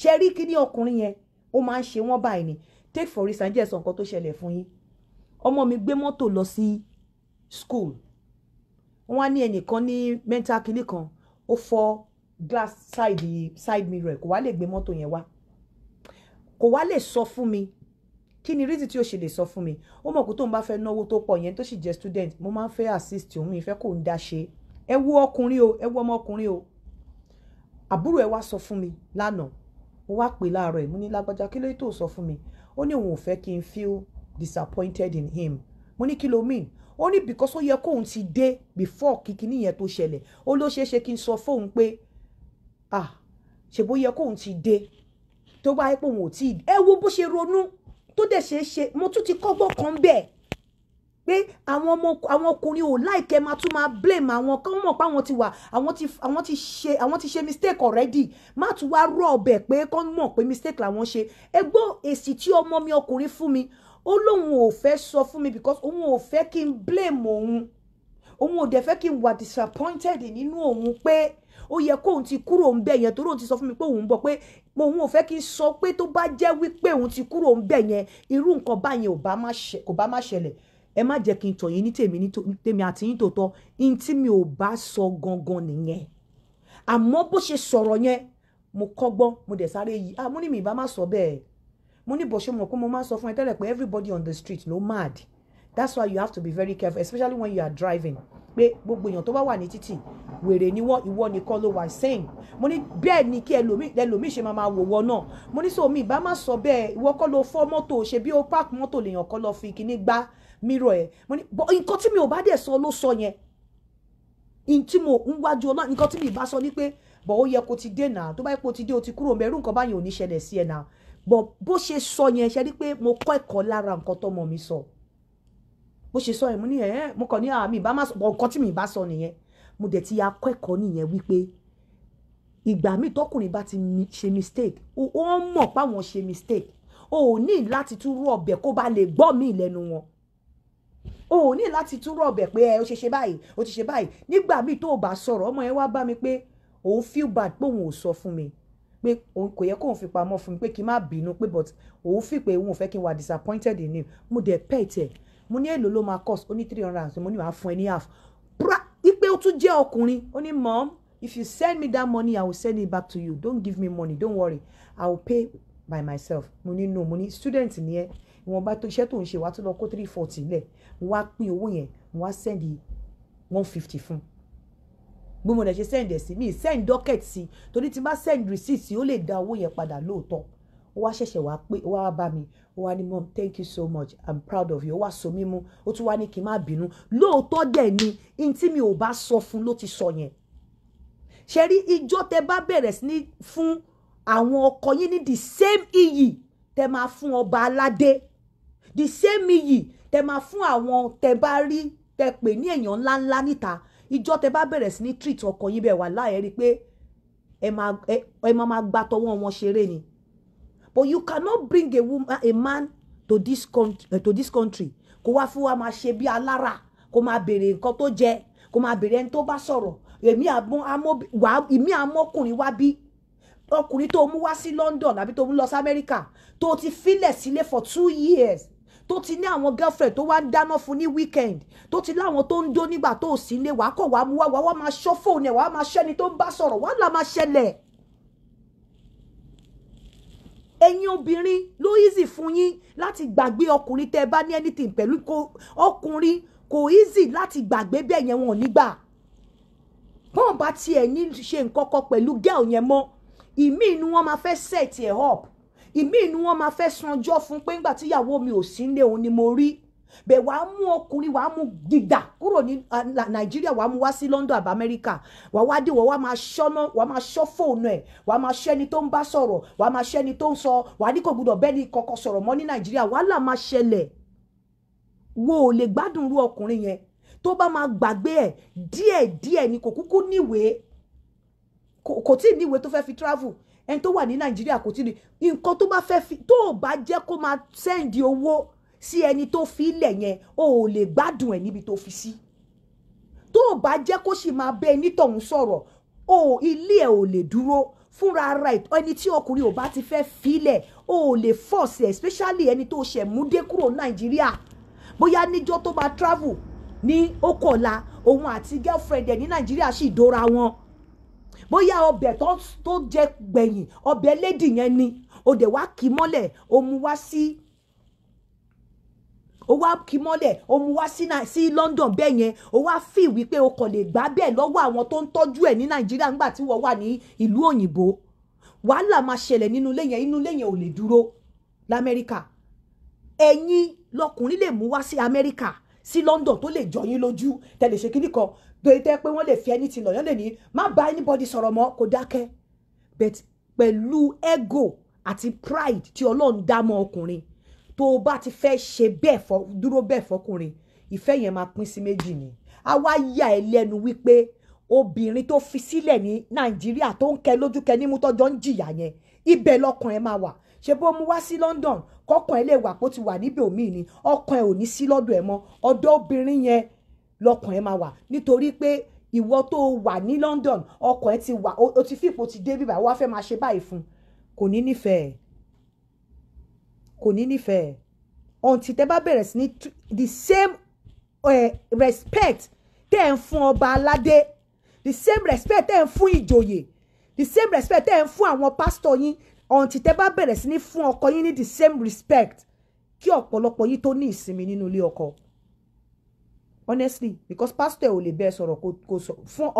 ṣe rí kí ní ọkùnrin yẹn ó máa ń ṣe wọ́n báyìí ni take for instance jẹ́ sọ nǹkan tó ṣẹlẹ̀ fún yín ọmọ mi gbé mọ́tò lọ sí school wọ́n á ní ẹnìkan ní mental clinic kan ó fọ́ glass side side mirror kò wá lè gbé mọ́tò yẹn wá kò wá lè sọ fún mi kí ni reason tí o ṣe lè sọ fún mi ó mọ̀ kó tóun bá fẹ́ náwó tó pọ̀ yẹn tó sì jẹ́ student mo máa ń fẹ́ assist òun ìfẹ́ kò ń dá ṣe ẹ wo ọkùnrin o ẹ wo ọmọkùnrin o àbúrò ẹ wá sọ fún mi lánàá ó wá pè láàárọ̀ ẹ̀ mo ní lágbájá kí ló tó sọ fún mi ó ní òun ò fẹ́ kí n feel disappointed in him mo ní kí ló mean ó ní because ó yẹ kóun ti dé before kíkiní yẹn tó ṣẹlẹ̀ ó ló ṣeé ṣe kí n sọ fóun pé ah ṣèbó yẹ kóun ti dé tó bá yẹ pé òun ò tí ì ẹ wo bó ṣe ronú tó dẹ̀ ṣe é ṣe mo tún ti kọ́gbọ́n kan bẹ́ẹ̀ pé àwọn ọmọ àwọn ọkùnrin ò láìkẹ́ máa tún máa blame àwọn kan mọ̀ pé àwọn ti wà àwọn ti àwọn ti ṣe àwọn ti ṣe mistake already má tún wá rọ ọbẹ̀ pé kán mọ̀ pé mistake làwọn ṣe ẹ gbọ́ èsì tí ọmọ mi ọkùnrin fún mi ó lóun ò fẹ́ sọ fún mi because òun ò fẹ́ kí n blame òun òun ò dẹ̀ fẹ́ kí n wà disappointed nínú òun pé ó yẹ kóun ti kúrò ń bẹ̀ yẹn torí òun ti sọ fún mi pé òun ń bọ̀ pé mo òun ò fẹ́ kí n sọ pé tó bá jẹ́ wípé òun ti kúrò ń bẹ̀ yẹn irú nǹkan báyẹn kò bá má ṣẹlẹ̀ ẹ má jẹ́ kí n tọ̀yìn ní tèmi ní tèmi àti yín tòótọ́ in tí mi ò bá sọ gangan nìyẹn àmọ́ bó ṣe sọ̀rọ̀ yẹn mo kọ́gbọ́n mo dẹ̀ sáré yìí ah mo ní mi ìbá má sọ bẹ́ẹ̀ mo ní bọ̀ṣọ́ mọ̀ pé mo máa sọ fún ẹ tẹ́lẹ̀ pé everybody on the street ló máa dì that's why you have to be very careful especially when you are driving pé gbogbo èèyàn tó bá wà ní títì wèrè ni wọ́n ìwọ nìkan ló wà sẹ́yìn mo ní bẹ́ẹ̀ ni kí ẹlòmíì ṣe máa máa wò wọ́n náà mo ní sọ́mi ìbá má sọ bẹ́ẹ̀ ìwọ kọ́ ló fọ́ mọ́tò ṣe bí ó pààkì mọ́tò lèèyàn kọ́ lọ fi kíní gbá mírọ̀ ẹ̀ mo ní bọ́ nǹkan tí mi ò bá dẹ̀ sọ ló sọ yẹn n tí mo ń wájú ọlọ́ nǹkan tí mi ì bá sọ ni pé bọ̀ ó yẹ kó ti dé nà tó bá yẹ kó ti dé o ti kúrò mẹ́rù nǹkan báyìí ò ní ṣẹlẹ̀ sí ẹ̀ nà bọ̀ bó ṣe sọ yẹn ṣe rí pé mo kọ́ ẹ̀kọ́ lára nǹkan tọ́mọ mi sọ. So bó ṣe sọ yẹn mo ní ẹ mo kàn ní àmì ah, ìbá má sọ nǹkan tí mi ìbá sọ nìyẹn mo dẹ̀ ti akẹ́kọ̀ọ́ nìyẹn wípé ìgbà míì tọkùnrin bá ti ṣe mistake ó ń mọ̀ páwọn ṣe mistake o ò ní láti tún rú ọbẹ̀ kó ba lè gbọ́ mí lẹ́nu wọn o ò ní láti tún rú ọbẹ̀ pé ẹ o ṣe ṣe báyìí o ti ṣe báyìí nígbà míì tó o bá sọ̀rọ̀ ọmọ yẹn wá bá mi pé òun feel bad pé òun ò sọ fún mi pé òun kò yẹ kóun fi pamọ́ fún mi pé kí n má bínú pé but òun fi pé òun ò fẹ́ kí n wà disappointed in him mo dẹ̀ pẹ́ tẹ̀ mo ní èlò ló máa cost ó ní three hundred and so mo ní màá fún ẹ ní half pra wípé ó tún jẹ́ ọkùnrin ó ní mom if you send me that money i will send it back to you don't give me money don't worry i will pay by myself mo ní no mo ní student ni ẹ ìwọ̀nba tó iṣẹ́ tó ń ṣe wàá tó lọ kó three forty lẹ̀ mo wá pín owó yẹn mo wá send one fifty fún gbogbo ẹ̀ ṣe send ẹ̀ sí mi send docket sí torí tí n bá send receipt sí ó lè dá owó yẹn padà lóòótọ́ ó wá ṣẹ̀ṣẹ̀ wá pé ó wá bá mi ó wá ní mom thank you so much i'm proud of you ó wá so mí mú ó tún wá ní kí n má bínú lóòótọ́ dẹ̀ ni n tí mi ò bá sọ fún ló ti sọ yẹn ṣe rí ijọ́ tẹ bá bẹ̀rẹ̀ sí ní fún àwọn ọkọ yín ní the same iyì tẹ máa fún ọba aládé the same iyì tẹ máa fún àwọn tẹ bá rí tẹ pè ní èèyàn ńláńlá níta ijọ́ tẹ bá bẹ̀rẹ̀ sí ní treat ọkọ yín bẹ́ẹ̀ wà láàyè rí i pé ẹ máa máa gba wọn ṣeré ni but you cannot bring a woman a man to this country uh, eh, to this country kó wá fún wa máa ṣe bí alára kó máa béèrè nǹkan tó jẹ kó máa béèrè ẹni tó bá sọ̀rọ̀ èmi àmọ́kùnrin wá bí ọkùnrin tó mú wá sí London àbí tó mú lọ sí America tó ti filẹ̀ sílé for two years tó ti ní àwọn girlfriend tó wá ń dáná fún ní weekend tó ti láwọn tó ń dó nígbà tó sì ń lé wàá kọ̀ wàá mú wá wàá máa ṣọ́ fóònù ẹ̀ wàá máa ṣẹ́ni tó ń bá sọ̀rọ̀ wàá là máa ṣẹlẹ̀ ẹ̀yin obìnrin ló easy fún yín láti gbàgbé ọkùnrin tẹ́ ẹ bá ní anything pẹ̀lú ọkùnrin kò easy láti gbàgbé bẹ́ẹ̀ yẹn wọn ò ní gbà bọ́n bá tiẹ̀ ní ṣe nǹkan kan pẹ̀lú girl yẹn mọ́ ìmí inú wọn máa fẹ́ set ẹ̀ up ìmí inú wọn máa fẹ́ sanjọ́ fún pé ńgbà tíyàwó mi ò sí nílé òun ni mo rí bẹ̀ wàá mú ọkùnrin wàá mú gíga kúrò ní uh, nàìjíríà wàá mú wá sí london àbá amẹ́ríkà wàá wá dé wọ́n wàá máa ṣọ́nà wàá máa ṣọ́ fóònù ẹ̀ wàá máa ṣọ́ ẹni tó ń bá sọ̀rọ̀ wàá máa ṣọ́ ẹni tó ń sọ wàá ní kò gbọdọ̀ bẹ́ni kọ̀kọ̀ sọ̀rọ̀ mọ́ ní nàìjíríà wàhálà máa ṣẹlẹ̀ wo ò lè gbádùn irú ọkùnrin yẹn tó bá máa gbàgbé ẹ̀ díẹ̀ díẹ̀ ni kò kúkú níwèé ẹni tó wà ní nàìjíríà kò tí ì nǹkan tó bá fẹ́ fi tó o bá jẹ́ kó máa sẹ́ǹdì owó sí ẹni tó fi ilẹ̀ yẹn o ò lè gbádùn ẹ̀ níbi tó fi sí tó o bá jẹ́ kó sì máa bẹ nítọ̀hún sọ̀rọ̀ o ilé ẹ̀ ò lè dúró fúnra ara ẹni tí ọkùnrin ò bá ti fẹ́ filẹ̀ o ò lè force ẹ̀ especially ẹni tó ṣẹ̀ mú dé kúrò Nàìjíríà bóyá níjọ́ tó bá travel ní okòólá òun àti girlfriend ẹ̀ ní Nàìjíríà sì dóra wọn bóyá ọbẹ̀ tó jẹ gbẹ̀yìn ọbẹ̀ lady yẹn ni o dẹ̀ wá kì mọ́lẹ̀ o mú wá sí. Si ó wá kí mọ́lẹ̀ ó mú wá sí London bẹ́ẹ̀ yẹn ó wá fi wípé o kò lè gbá bẹ́ẹ̀ lọ́wọ́ àwọn tó ń tọ́jú ẹ̀ ni Nàìjíríà ńgbà tí wọ́n wà ní ìlú òyìnbó wàhálà máa ṣẹlẹ̀ nínú ilé yẹn inú ilé yẹn ò lè dúró l'Amẹ́ríkà ẹ̀yin lọkùnrin lè mú wá sí Amẹ́ríkà sí London tó lè jọ yín lójú tẹ̀lé ṣe kíní kan tẹ́ pé wọ́n lè fi ẹni ti lọ̀yán lè ní má bá anybody sọ̀rọ̀ mọ́ kó dákẹ́ pẹ̀lú ego ati pride tí Ọlọ́run dá mọ́ ọkùnrin tó o bá ti fẹ́ ṣe bẹ́ẹ̀ fọ dúró bẹ́ẹ̀ fọkùnrin ìfẹ́ yẹn máa pín sí méjì ni a wá yà ẹ́ lẹ́nu wípé obìnrin tó fi sílẹ̀ ní nàìjíríà tó ń kẹ lójú kẹ nímú ń jìyà yẹn ibẹ̀ lọkàn ẹ máa wà ṣe bó mu wá sí London kọkàn ẹ lè wà pó ti wà níbẹ̀ òmíì ni ọkàn ẹ ò ní sí lọ́dọ̀ ẹ mọ́ ọ̀dọ̀ obìnrin yẹn lọkàn ẹ máa wà nítorí pé ìwọ tó wà ní London ọkàn ẹ ti wà o ti fìpò ti dé bíbá wàá fẹ́ máa ṣe báyìí fún kò ní nífẹ̀ẹ́ kò ní nífẹ̀ẹ́ until tẹ́ bá bẹ̀rẹ̀ sí ní the same uh, respect tẹ́ ẹ̀ ń fún ọba aládé the same respect tẹ́ ẹ̀ ń fún ìjòyè the same respect tẹ́ ẹ̀ ń fún àwọn pásítọ̀ yín until tẹ́ bá bẹ̀rẹ̀ sí ní fún ọkọ yín ní the same respect kí ọ̀pọ̀lọpọ̀ yín tó ní ìsinmi nínú ilé ọkọ honestly because pastor ò lè bẹ́ẹ̀ sọ̀rọ̀ kò sọ fún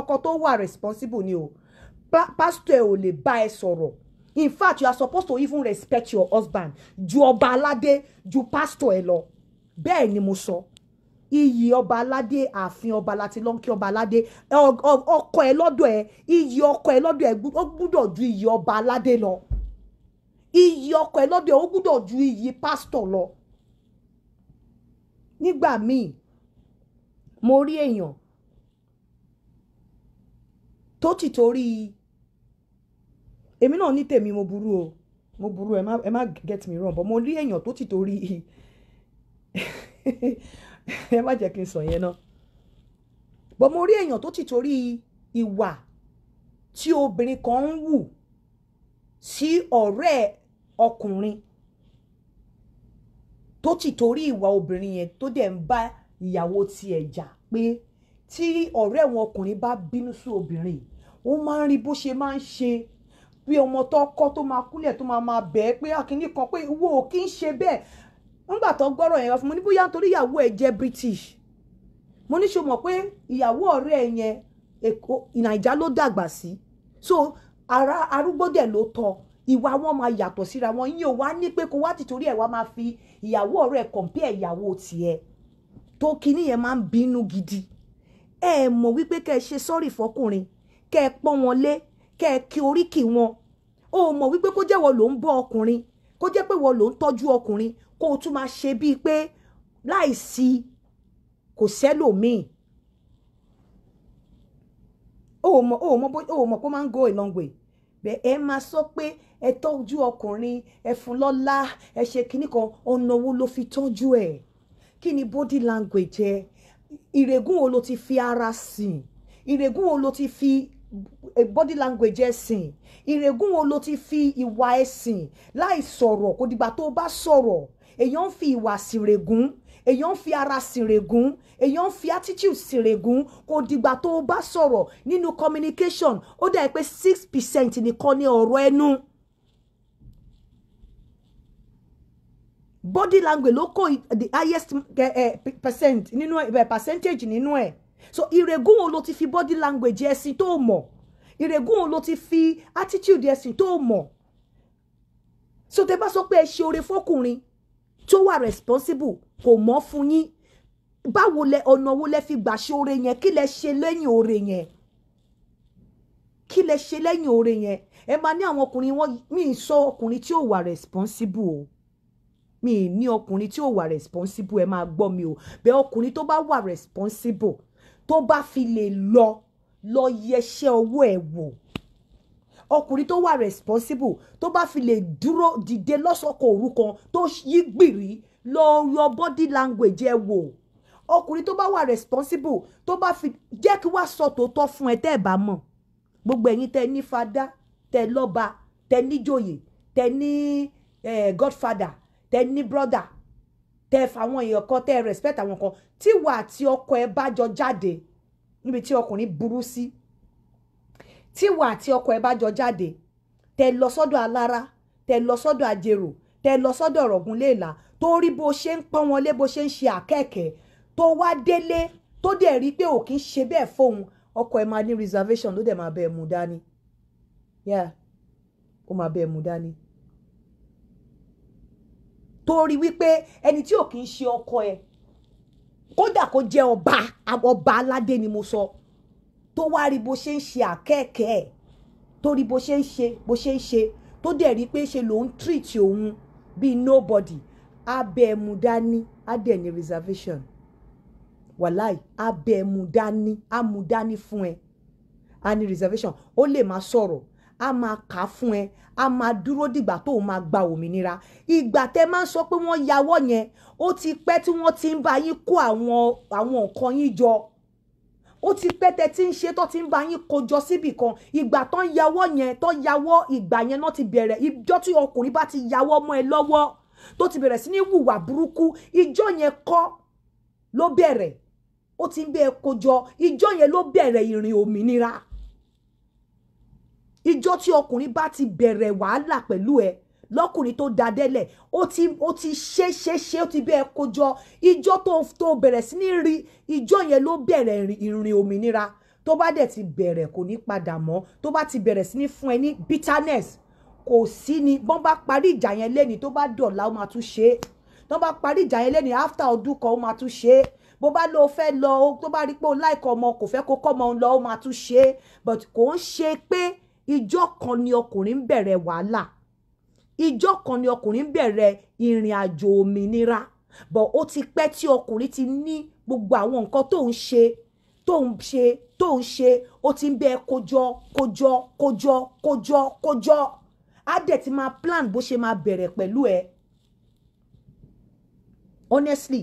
ọkọ tó wà responsible ni o pastor ò lè bá ẹ sọ̀rọ̀ in fact you are supposed to even respect your husband ju ọba aládé ju pastor ẹ lọ bẹ́ẹ̀ ni mo sọ iyì ọba aládé ààfin ọba láti lọ ń kí ọba aládé ọkọ ẹ lọ́dọ̀ ẹ iyì ọkọ ẹ lọ́dọ̀ ẹ ó gbúdọ̀ ju iyì ọba aládé lọ iyì ọkọ ẹ lọ́dọ̀ ẹ ó gbúdọ̀ ju iyì pastor lọ nígbà míì mo rí èèyàn tó ti torí èmi náà ní tèmi mo burú o mo burú ẹ má ẹ má get me wrong but mo rí èèyàn tó ti torí ẹ má jẹ́ kí n sọ yẹn náà but mo rí èèyàn tó ti torí ìwà tí obìnrin kan ń wù sí ọ̀rẹ́ ọkùnrin tó ti torí ìwà obìnrin yẹn tó dẹ̀ ń bá ìyàwó tiẹ̀ jà pé tí ọ̀rẹ́ wọn ọkùnrin bá bínú sí obìnrin ó máa ń rí bó ṣe máa ń ṣe bí ọmọ tó kọ́ tó máa kúlẹ̀ tó máa máa bẹ̀ẹ́ pé akínní ah, kan pé wo kí n ṣe bẹ́ẹ̀ nígbà tó gbọ́rọ̀ yẹn wá fún mi ní bóyá nítorí ìyàwó ẹ̀ jẹ́ British mo ní ṣe mọ̀ pé ìyàwó ọ̀rẹ́ ẹ̀ yẹn Èkó Nàìjà ló dàgbà sí so ara arúgbó dẹ̀ ló tọ́ ìwà wọn máa yàtọ̀ síra wọn yín ò wá ní pé kó wá tìtorí ẹ̀ wá máa fi ìyàwó ọ̀rẹ́ ẹ̀ compare ìyàwó tiẹ̀ tó kinní yẹn máa ń bínú gidi ẹ mọ̀ wípé kẹ́ ẹ ṣe sọ́ọ̀rì fọkùnrin kẹ́ ẹ pọ́n wọn lé kẹ́ ẹ kí oríkì wọn o mọ̀ wípé kó jẹ́ wọ́n ló ń bọ́ ọkùnrin kó jẹ́ pé wọ́n ló ń tọ́jú ọkùnrin kó o tún máa ṣe bíi pé láìsí kò sẹ́lòmíì o mọ̀ o mọ̀ o mọ̀ pé máa ń go a long way bẹ́ẹ̀ ẹ máa sọ pé ẹ tọ́jú ọkùnrin ẹ fún lọ́lá ẹ ṣe kinní kan ọ̀nà wo ló fi tọ́jú ẹ̀ kí ni body language ẹ ìrègùn wo ló ti fi ara sìn ìrègùn wo ló ti fi body language ẹ̀sìn ìrègùn wo ló ti fi ìwà ẹ̀sìn láì sọ̀rọ̀ kò dìgbà tó bá sọ̀rọ̀ èèyàn ń fi ìwà sìrègùn èèyàn ń fi ara sìrègùn èèyàn ń fi attitude sìrègùn kò dìgbà tó bá sọ̀rọ̀ nínú communication ó dà pé six percent nìkan ní ọ̀rọ̀ ẹnu. body language ló kó the highest eh, eh, percent nínú eh, percentage nínú ẹ̀ so ìrègùn wo ló ti fi body language ẹ̀sìn tó mọ̀ ìrègùn wo ló ti fi attitude ẹ̀sìn tó mọ̀ so tẹ bá sọ pé ẹ ṣe oore fọkùnrin tó responsible kò mọ́ fún yín báwo lẹ ọ̀nà wo lẹ fi gbà ṣe oore yẹn kí lẹ ṣe lẹ́yìn oore yẹn kí lẹ ṣe lẹ́yìn oore yẹn ẹ máa ní àwọn ọkùnrin wọn mi so sọ ọkùnrin tí ò responsible o mi ni ní ọkùnrin tí ò responsible ẹ máa gbọ́ mi o bẹ́ẹ̀ ọkùnrin tó bá wà responsible tó bá fi lè lọ lọ yẹṣẹ́ ọwọ́ ẹ̀ wò ọkùnrin tó wà responsible tó bá fi lè dúró dìde lọ́sọ̀kọ̀ òru kan tó yí gbìrì lọ yọ body language ẹ̀ wò ọkùnrin tó bá wà responsible tó bá fi jẹ́ kí wá sọ tòótọ́ fún ẹ tẹ́ ẹ bá mọ̀ gbogbo ẹ̀yin tẹ́ ní fada tẹ́ lọ́ba tẹ́ níjòyè tẹ́ ní eh, godfather tẹ́ ní brother tẹ fàwọn èèyàn kan tẹ respect àwọn kan tí wà àti ọkọ ẹ bá jọ jáde níbi tí ọkùnrin burú sí tí wà àti ọkọ ẹ bá jọ jáde tẹ lọ sọ́dọ̀ alára tẹ lọ sọ́dọ̀ àjèrò tẹ lọ sọ́dọ̀ ọrọgúnléèlà torí bó ṣe ń pọ́n wọn lé bó ṣe ń ṣe àkẹ́kẹ́ tó wá délé tó dẹ̀ rí pé ò kí ń ṣe bẹ́ẹ̀ fóun ọkọ ẹ máa ní reservation ló dẹ̀ máa bẹ̀ mú dání yeah ó máa bẹ̀ mú dání torí wípé ẹni tí ò kì í ṣe ọkọ ẹ kódà kó jẹ́ ọba ọba aládé ni mo sọ tó wá rí bó ṣe ń ṣe àkẹ́ẹ̀kẹ́ ẹ̀ tó bó ṣe ń ṣe bó ṣe ń ṣe tó dẹ̀ rí pé ṣe lòun treat òun bíi nobody abẹ́ ẹ̀mú dání á dẹ̀ ní reservation wàláì abẹ́ ẹ̀mú dání á mú dání fún ẹ á ní reservation ó lè máa sọ̀rọ̀ á máa kà á fún ẹ a máa dúró dìgbà tó o máa gba òmìnira ìgbà tẹ máa ń sọ pé wọ́n yáwọ́ yẹn ó ti pẹ́ tí wọ́n ti ń bá yín kó àwọn àwọn nǹkan yín jọ ó ti pẹ́ tẹ tí ń ṣe tó ti ń bá yín kojọ síbì kan ìgbà tán yáwọ́ yẹn tán yáwọ́ ìgbà yẹn náà ti bẹ̀rẹ̀ ìjọ́ tí ọkùnrin bá ti yáwọ́ mọ́ ẹ lọ́wọ́ tó ti bẹ̀rẹ̀ sí ní hùwà burúkú ìjọ́ yẹn kọ́ ló bẹ̀rẹ̀ ó ti ń bẹ́ẹ̀ kojọ ìjọ́ yẹn ló bẹ̀rẹ̀ ìrìn òmìnira ìjọ́ tí ọkùnrin bá ti bẹ̀rẹ̀ wàhálà pẹ̀lú ẹ lọ́kùnrin tó da délẹ̀ ó ti ṣe ṣe ṣe ó ti bẹ́ẹ̀ kójọ ìjọ́ tó bẹ̀rẹ̀ sí ní rí ìjọ́ yẹn ló bẹ̀rẹ̀ ìrìn òmìnira tó bá dẹ̀ ti bẹ̀rẹ̀ kò ní padà mọ́ tó bá ti bẹ̀rẹ̀ sí ní fún ẹ ní bitterness kò sí ni bọ́n bá parí ìjà yẹn lẹ́ni tó bá dọ̀la ó máa tún ṣe é tó bá parí ìjà yẹn lẹ́ni after ọdún kan ó máa tún ṣe é bó bá lọ fẹ́ lọ tó bá rí pé ó láìkọ ọmọ kò fẹ́ kó kọ́ ọmọ lọ ó máa tún ṣe é but kò ń ṣe pé ìjọ́ kan ni ọkùnrin ń bẹ̀rẹ̀ wàhálà ìjọ́ kan ni ọkùnrin ń bẹ̀rẹ̀ ìrìn àjò òmìnira bọ̀ ó ti pẹ́ tí ọkùnrin ti ní gbogbo àwọn nǹkan tó ń ṣe tó ń ṣe tó ń ṣe ó ti ń bẹ kójọ kójọ kójọ kójọ kójọ á dẹ̀ ti máa plan bó ṣe máa bẹ̀rẹ̀ pẹ̀lú ẹ honestly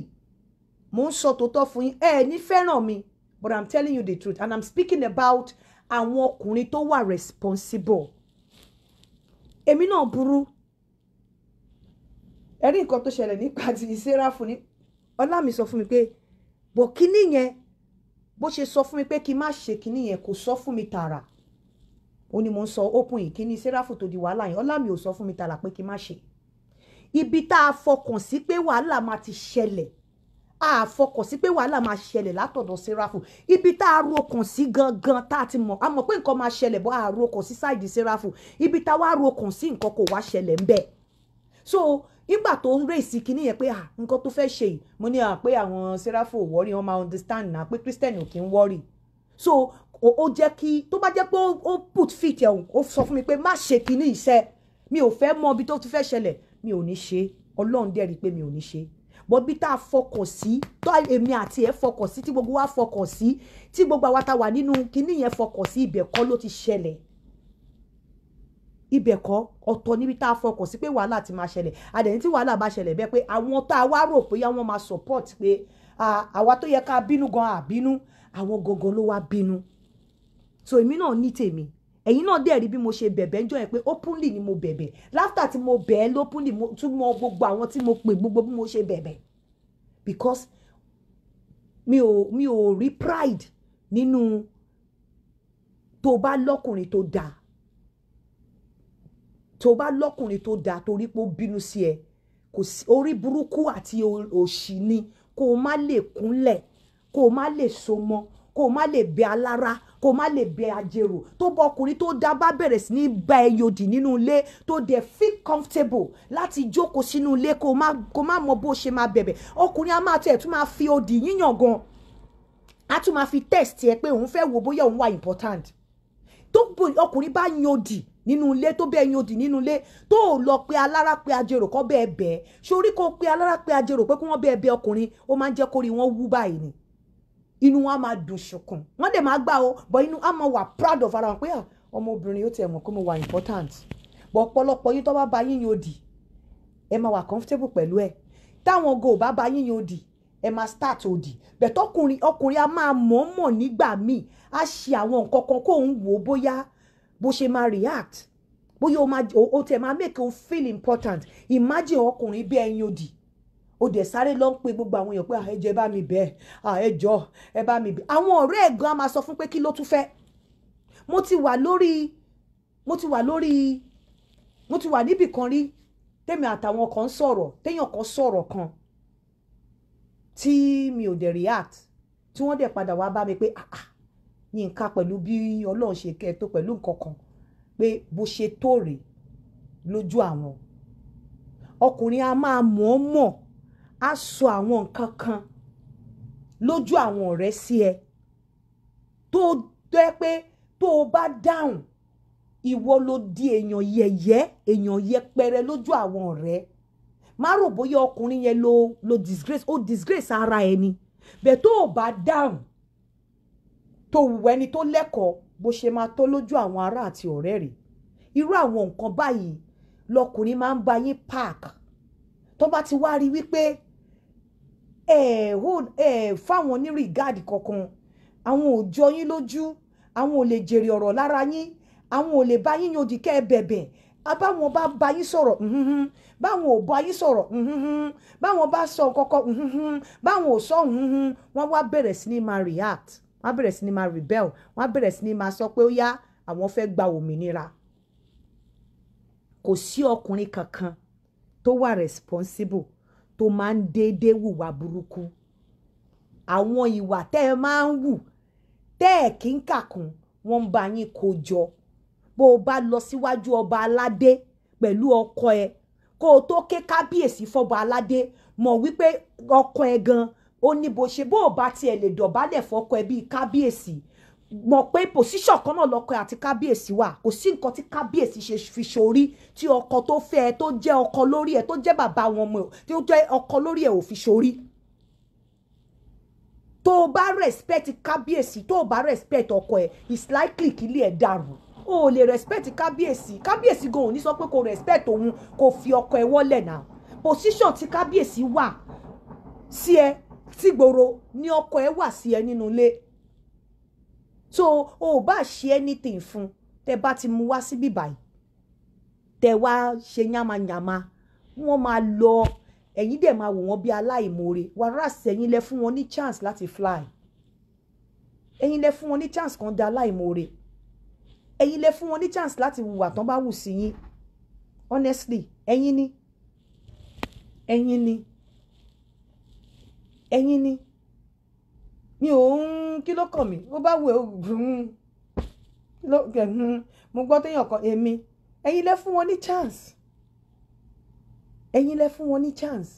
mo ń sọ tòótọ́ fún yín ẹ ní fẹ́ràn mi but i'm telling you the truth and i'm speaking about àwọn ọkùnrin tó wà responsible èmi náà burú ẹ̀rí nǹkan tó ṣẹlẹ̀ nípa ti Sẹ́ráfù ní Ọlámi sọ fún mi pé bọ̀ kíní yẹn bó ṣe sọ fún mi pé kí n má ṣe kíní yẹn kò sọ fún mi tààrà ó ní mo ń sọ open yìí kíní Sẹ́ráfù tó di wàhálà yẹn Ọlámi ò sọ fún mi tààrà pé kí n má ṣe ibi tá a fọkàn sí pé wàhálà máa ti ṣẹlẹ̀ a fọkàn sí pé wàhálà máa ṣẹlẹ̀ látọ̀dọ̀ sẹ́ráfù ibi tá a rokàn sí gangan tá a ti mọ̀ a mọ̀ pé nǹkan máa ṣẹlẹ̀ bọ́ a rokàn sí sáìdì sẹ́ráfù ibi tá a wá rokàn sí nǹkan kò wá ṣẹlẹ̀ ńbẹ̀ so nígbà tó ń rèsì kínní yẹn pé nǹkan tó fẹ́ ṣe yìí mo ní pé àwọn sẹ́ráfù ò wọ́rí wọn máa understand náà pé christian ò kí ń wọ́rí so ó jẹ́ kí tó bá jẹ́ pé ó put fit ẹ̀ ó sọ fún mi pé má ṣe kínní iṣẹ́ mi ò fẹ́ mọ ibi tó ti fẹ́ ṣẹlẹ̀ mi ò ní ṣe ọlọ́run dẹ̀ rí i pé mi ò ní ṣe bọ́ bí tá a fọkàn sí tó èmi àti ẹ̀ fọkàn sí tí gbogbo wa fọkàn sí tí gbogbo àwa ta wà nínú kinní yẹn fọkàn sí ibẹ̀ kọ́ ló ti ṣẹlẹ̀ ibẹ̀ kọ́ ọ̀tọ̀ níbi tá a fọkàn sí pé wàhálà ti máa ṣẹlẹ̀ àdẹ̀yìn tí wàhálà bá ṣẹlẹ̀ bẹ́ẹ̀ pé àwọn tá a wá rò pé àwọn máa support pé àwa tó yẹ ká bínú gan àbínú àwọn gangan ló wá bínú so èmi náà ní tèmi ẹ̀yin náà dẹ̀ rí bí mo ṣe bẹ̀bẹ̀ ń jọ yẹn pé openly ni mo bẹ̀bẹ̀ láfta tí mo bẹ̀ ẹ́ lópenly mo tún mọ gbogbo àwọn tí mo pè gbogbo bí mo ṣe bẹ̀bẹ̀ because mi ò mi ò rí pride nínú tó bá lọ́kùnrin tó dáa tó bá lọ́kùnrin tó dáa torí pé ó bínú sí ẹ kò sí orí burúkú àti òṣì ni kó o má lè kúnlẹ̀ kó o má lè so mọ́ kó má lè bẹ alára kó má lè bẹ ajérò tó bọ ọkùnrin tó dá bá bẹ̀rẹ̀ sí ní bá ẹyọdì nínú ilé tó dẹ̀ feel comfortable láti jókòó sínú ilé kó má kó má mọ bó ṣe máa bẹ̀bẹ̀ ọkùnrin á máa tẹ̀ tún máa fi odì yíyàn gan á tún máa fi test ẹ pé òun fẹ́ wo bóyá òun wà important tó ọkùnrin bá yan odì nínú ilé tó bẹ́ẹ̀ yan odì nínú ilé tó o lọ pe alára pe ajérò kọ́ bẹ́ẹ̀ bẹ́ẹ̀ sórí kó pe alára pe ajérò pé kí wọ́n bẹ́ẹ̀ bẹ́ẹ̀ ọkùnrin ó máa jẹ́ kórìí wọ́n wú báyìí ni inú wọn á máa dùn ṣùkùn wọ́n dẹ̀ máa gbà o but inú á máa wà proud of ara wọn pé ah, ọmọbìnrin yóò tiẹ̀ mọ̀ pé mo wà important but ọ̀pọ̀lọpọ̀ yín tó bá ba yín yóò dì ẹ máa wà comfortable pẹ̀lú ẹ̀ táwọn go bá ba yín yóò dì ẹ máa start òdì bẹ̀tọ̀ ọkùnrin ọkùnrin a máa mọ̀ọ́mọ̀ nígbà míì á ṣe àwọn nǹkan kan kó òun wò ó bóyá bó ṣe máa react bóyá o, o, o máa make o feel important imagine ọkùnrin bí ẹyin òdì ó dẹ̀ sáré lọ ń pe gbogbo àwọn èèyàn pé ẹ jẹ́ bá mi bẹ̀ ẹ jọ ẹ bá mi bẹ̀ àwọn ọ̀rẹ́ ẹ̀ gan-an máa sọ fún pé kí ló tún fẹ́ mo ti wà lórí mo ti wà lórí mo ti wà níbì kan rí tèmi àtàwọn kan sọ̀rọ̀ téèyàn kan sọ̀rọ̀ kan tí mi ò dẹ̀ react tí wọ́n dẹ̀ padà wá bá mi pé ah ah Yínká pẹ̀lú bí Ọlọ́run ṣe kẹ́ ẹ tó pẹ̀lú nǹkan kan pé bó ṣe tó rèé lójú àwọn ọkùnrin a máa mọ̀ ọ́ mọ̀ á sọ àwọn nǹkan kan lójú àwọn ọ̀rẹ́ sí ẹ tó dẹ́ pé tó o bá dáhùn ìwọ ló di èèyàn yẹ̀yẹ́ èèyàn yẹpẹrẹ lójú àwọn ọ̀rẹ́ má rò bóyá ọkùnrin yẹn ló ló disgrace O disgrace ara ẹni bẹ́ẹ̀ tó o bá dáhùn tó wù ẹni tó lẹ́kọ̀ọ́ bó ṣe máa tó lójú àwọn ará àti ọ̀rẹ́ rẹ̀ irú àwọn nǹkan báyìí lọkùnrin máa ń bá yín park tó bá ti wá rí wípé ẹ̀ fáwọn onírìgáàdì kankan àwọn ò jọ yín lójú àwọn ò lè jèrè ọ̀rọ̀ lára yín àwọn ò lè bá yín yòdì kẹ́ ẹ bẹ̀bẹ̀ báwọn bá bá yín sọ̀rọ̀ báwọn ò bá yín sọ̀rọ̀ báwọn bá sọ kọ́kọ́ báwọn ò sọ wọ́n wá bẹ̀rẹ̀ sí ni máa react wọ́n á bẹ̀rẹ̀ sí ni máa rebel wọ́n á bẹ̀rẹ̀ sí ni máa sọ pé ó yá àwọn fẹ́ gba òmìnira kò sí ọkùnrin kankan tó wà responsible tó máa ń déédé hùwà burúkú àwọn ìwà tẹ́ ẹ máa ń hù tẹ́ ẹ̀ kí ń kàkún wọ́n ń bá yín kó jọ bó o bá lọ síwájú ọba aládé pẹ̀lú ọkọ ẹ kó o tó ké kábíyèsí fọba aládé mọ̀ wípé ọkọ ẹ gan ó ní bó ṣe bó o bá tiẹ̀ lè dọ̀bálẹ̀ fọkọ ẹ bíi kábíyèsí mọ̀ pé pòsíṣàn kan náà lọ́kọ àti kábíyèsí wà kò sí nǹkan tí kábíyèsí ṣe fi ṣorí tí ọkọ tó fẹ́ ẹ tó jẹ́ ọkọ lórí ẹ tó jẹ́ bàbá àwọn ọmọ ẹ tó jẹ́ ọkọ lórí ẹ ò fi ṣorí tó o bá respect kábíyèsí tó o bá respect ọkọ ẹ it's likely kí ilé ẹ dàrú o ò lè respect kábíyèsí kábíyèsí gan ò ní sọ pé kò respect òun kò fi ọkọ ẹ wọlẹ̀ náà position tí kábíyèsí wà sí ẹ tí gbòòrò ni ọkọ ẹ wà sí ẹ nínú ilé so o ò bá ṣe anything fun. tẹ bá ti mú wá síbí báyìí tẹ nyama. ṣe yánmayànma wọ́n máa lọ ẹ̀yin dẹ̀ máa wò wọ́n bí aláìmoore wàrà sẹ́yìn lẹ fún wọn ní chance láti fly ẹ̀yin lẹ fún wọn ní chance kan da aláìmoore ẹ̀yin lẹ fún wọn ní chance láti hùwà tán bá wù sí yín honestly ẹ̀yin ni ẹ̀yin ni ẹ̀yin ni mi ò ń kí ló kàn mí ó bá wù ẹ́ mo gbọ́ téèyàn kan èmi ẹ̀yin lẹ fún wọn ní chance ẹ̀yin lẹ fún wọn ní chance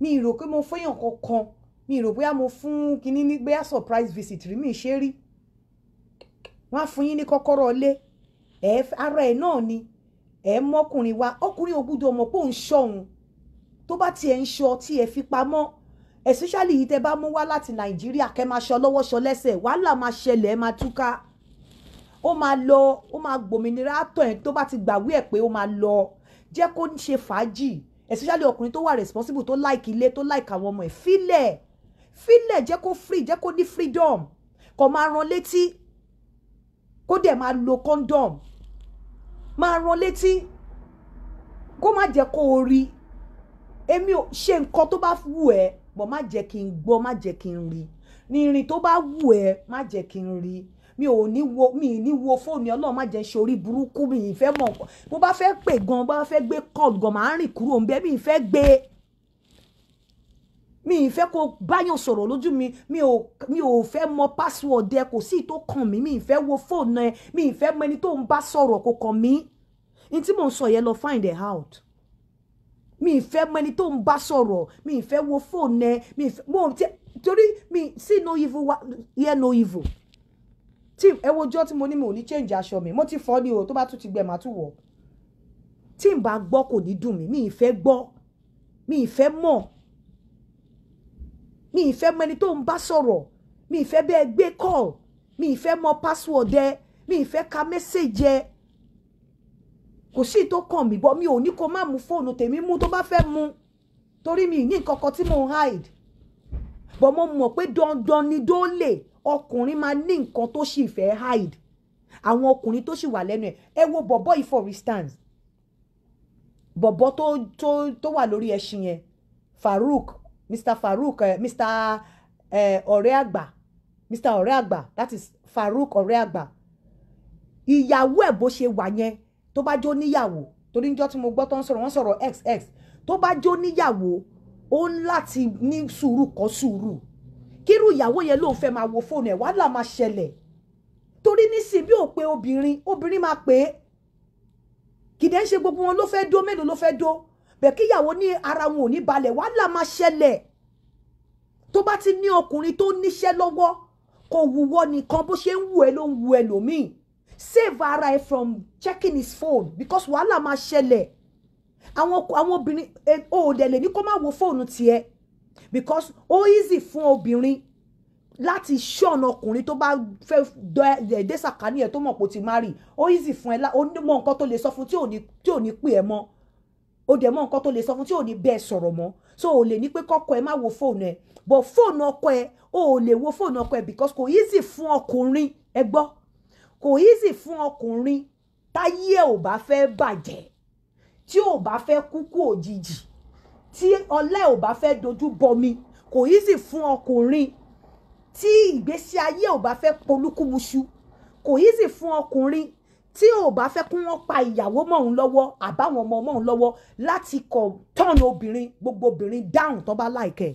mi rò pé mo fẹ́yàn kankan mi rò bóyá mo fún kinní ní bóyá surprise visit rí mi ṣe rí wọ́n á fún yín ní kọ́kọ́rọ́ ilé ẹ̀ ara ẹ̀ náà ni ẹ̀ mọ́kùnrin wa ọkùnrin ò gbúdọ̀ mọ̀ pé òun ṣọ́ òun tó bá tiẹ̀ ń ṣọ́ tí ẹ̀ fi pamọ́ especially yìí tẹ́ bá mú wá láti nàìjíríà kẹ́ máa ṣọ lọ́wọ́ ṣọ lẹ́sẹ̀ wàhálà máa ṣẹlẹ̀ ẹ̀ máa túká ó máa lọ ó máa gbòmìnira àtọ̀ ẹ̀ tó bá ti gbàwé ẹ̀ pé ó máa lọ jẹ́ kó ń ṣe fàájì especially ọkùnrin tó wà responsible tó like ilé tó like àwọn ọmọ ẹ̀ fílẹ̀ fílẹ̀ jẹ́ kó free jẹ́ kó ní freedom kó máa ran létí kó dẹ̀ máa lo condom máa ran létí kó má jẹ́ kó o rí èmi ò ṣe nǹkan tó bá wù ẹ́ bọ̀ má jẹ́ kí n gbọ́ má jẹ́ kí n rí ní irin tó bá wù ẹ́ má jẹ́ kí n rí mi ò ní wo mi ní wo fóònù ọlọ́run má jẹ́ ṣorí burúkú mi ì fẹ́ mọ̀ mo bá fẹ́ pè gan bá fẹ́ gbé call gan màá rìn kúrò ń bẹ mi ì fẹ́ gbé mi ì fẹ́ kó báyàn sọ̀rọ̀ lójú mi mi ò mi ò fẹ́ mọ password ẹ kò sí tó kàn mí mi ì fẹ́ wo fóònù ẹ mi ì fẹ́ mọ ẹni tó ń bá sọ̀rọ̀ kò kàn mí ní tí mò ń sọ yẹn lọ find it out mi ì fẹ́ mẹ́ni tó ń bá sọ̀rọ̀ mi ì wo fóònù ẹ mi ì fẹ́ mo ti torí mi see no evil wa hear no evil tí ẹ wojọ́ tí mo ní mi ò ní change aṣọ mi mo ti fọ́ ni o tó bá tún ti gbẹ màá tún wọ̀ tí n bá gbọ́ kò ní dùn mí mi ì fẹ́ gbọ́ mi ì fẹ́ mọ̀ mi ì fẹ́ mẹ́ni tó ń bá sọ̀rọ̀ mi ì fẹ́ gbé call mi ì fẹ́ mọ password ẹ mi ì fẹ́ ka message ẹ kò sí tó kàn mí bọ́ mi ò ní kó má mú fóònù tèmi mú tó bá fẹ́ mú torí mi ní nǹkan kan tí mo hide bọ́ mo mọ̀ pé dandan ni dólè ọkùnrin máa ní nǹkan tó sì fẹ́ hide àwọn ọkùnrin tó sì wà lẹ́nu ẹ̀ ẹ wo bọ̀bọ̀ yìí for instance bọ̀bọ̀ tó tó tó wà lórí ẹṣin yẹn Farouk Mr Farouk eh, Mr eh, ọ̀rẹ́ àgbà Mr ọ̀rẹ́ àgbà that is Farouk ọ̀rẹ́ àgbà ìyàwó ẹ̀ bó ṣe wà yẹn tó bá jó níyàwó torí níjọ́ tí mo gbọ́ tó ń sọ̀rọ̀ wọ́n sọ̀rọ̀ xx tó bá jó níyàwó ó ń láti ní sùúrù kọ́ sùúrù kírú ìyàwó yẹn ló fẹ́ máa wo fóònù ẹ̀ wàhálà máa ṣẹlẹ̀ torí nísìn bí ò pé obìnrin obìnrin máa pè é kìdẹ́ ń ṣe gbogbo wọn ló fẹ́ dó mélòó ló fẹ́ dó bẹ́ẹ̀ kíyàwó ní ara wọn ò ní balẹ̀ wàhálà máa ṣẹlẹ̀ tó bá ti ní ọkùnrin tó níṣẹ́ lọ́wọ́ kò wúwọ́ nìkan bó ṣe ń wù ẹ́ ló ń wù ẹlòmíì save ara ẹ from checking his phone because wàhálà ma ṣẹlẹ̀ àwọn àwọn obìnrin o ò dẹ̀ lè ní kó má wo fóònù tiẹ̀ because ó easy fún obìnrin láti ṣọ́ọ̀nà ọkùnrin tó bá fẹ́ dé sàkání ẹ̀ tó mọ̀ pé ó ti má rì ó easy fún ẹ ó mọ nǹkan tó lè sọ fún tí ò ní pè ẹ mọ́ ó dẹ̀ mọ nǹkan tó lè sọ fún tí ò ní bẹ́ẹ̀ sọ̀rọ̀ mọ́ so ò lè ní pé kọ́kọ́ ẹ má wo fóònù ẹ but fóònù ọkọ ẹ ò lè wo fóònù ọkọ ẹ because kò easy fún ọkùnrin ẹ gbọ́ kò easy fún ọkùnrin táyé ẹ̀ ò bá fẹ́ bàjẹ́ tí ò bá fẹ́ kúkú òjijì tí ọlẹ́ ò bá fẹ́ dojú bọmi kò easy fún ọkùnrin tí ìgbésí ayé ò bá fẹ́ polúkúmuṣu kò easy fún ọkùnrin tí ò bá fẹ́ kí wọ́n pa ìyàwó mọ́hún lọ́wọ́ àbáwọn ọmọ mọ́hún lọ́wọ́ láti kọ̀ tọ́ọ̀nù obìnrin gbogbo obìnrin dáhùn tó bá láìkẹ́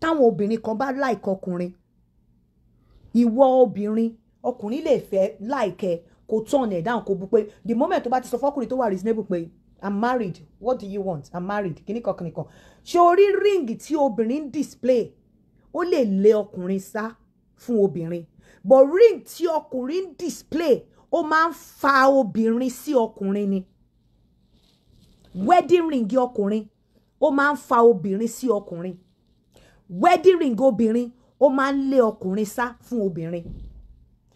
táwọn obìnrin kan bá láìkọ ọkùnrin ìwọ obìnrin ọkùnrin lè fẹ́ láìkẹ́ kò turn ẹ̀ down kò bu pé the moment tó bá ti sọ fọkùnrin tó wà reasonable pé i'm married what do you want i'm married kíní kan kíní kan ṣé orí ríǹgì tí obìnrin display ó lè lé ọkùnrin sá fún obìnrin but ring tí ọkùnrin display ó máa ń fa obìnrin sí ọkùnrin ni wedding ring ọkùnrin ó máa ń fa obìnrin sí ọkùnrin wedding ring obìnrin ó máa ń lé ọkùnrin sá fún obìnrin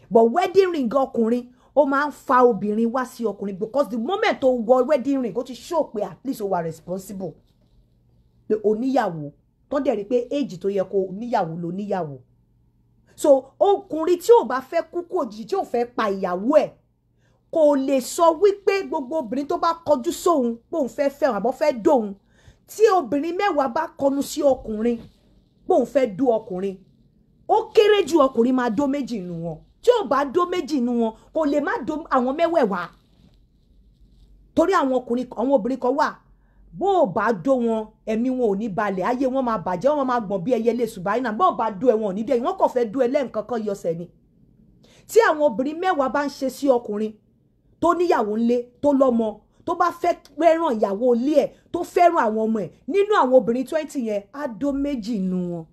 but wedding ring ọkùnrin ó máa ń fa obìnrin wá sí ọkùnrin because the moment tó wọ wedding ring ó ti show pé at least ó wà responsible pé oníyàwó tó dẹ̀ rí pé age tó yẹ kó oníyàwó ló níyàwó so ọkùnrin tí ò bá fẹ́ kú kú òjijì tí ò fẹ́ pa ìyàwó ẹ̀ kò lè sọ wípé gbogbo obìnrin tó bá kọjú sóun pé òun fẹ́ fẹ́ àbọ̀ fẹ́ dóun tí obìnrin mẹ́wàá bá kọnu sí ọkùnrin pé òun fẹ́ dó ọkùnrin ó kéré ju ọkùnrin máa dó méjì nù wọn tí ò bá dó méjì nù wọn kò lè má dó àwọn mẹ́wẹ̀ẹ̀wá torí àwọn ọkùnrin àwọn obìnrin kan wà bó o bá dó wọn ẹ̀mí wọn ò ní balẹ̀ ayé wọn máa bàjẹ́ wọn máa gbọ̀n bí ẹyẹlé ṣùgbọ́n bó o bá dó ẹ wọn ò ní dẹ́yìn wọn kò fẹ́ dó ẹ lẹ́ǹkan kan yọsẹ̀ ni tí àwọn obìnrin mẹ́wàá bá ń ṣe sí ọkùnrin tó níyàwó ńlé tó lọ́mọ tó bá fẹ́ fẹ́ràn ìyàwó ilé ẹ̀ tó fẹ́ràn àwọn ọmọ ẹ̀ nínú àwọn obìnrin twenty yẹn á dó méjì nu wọn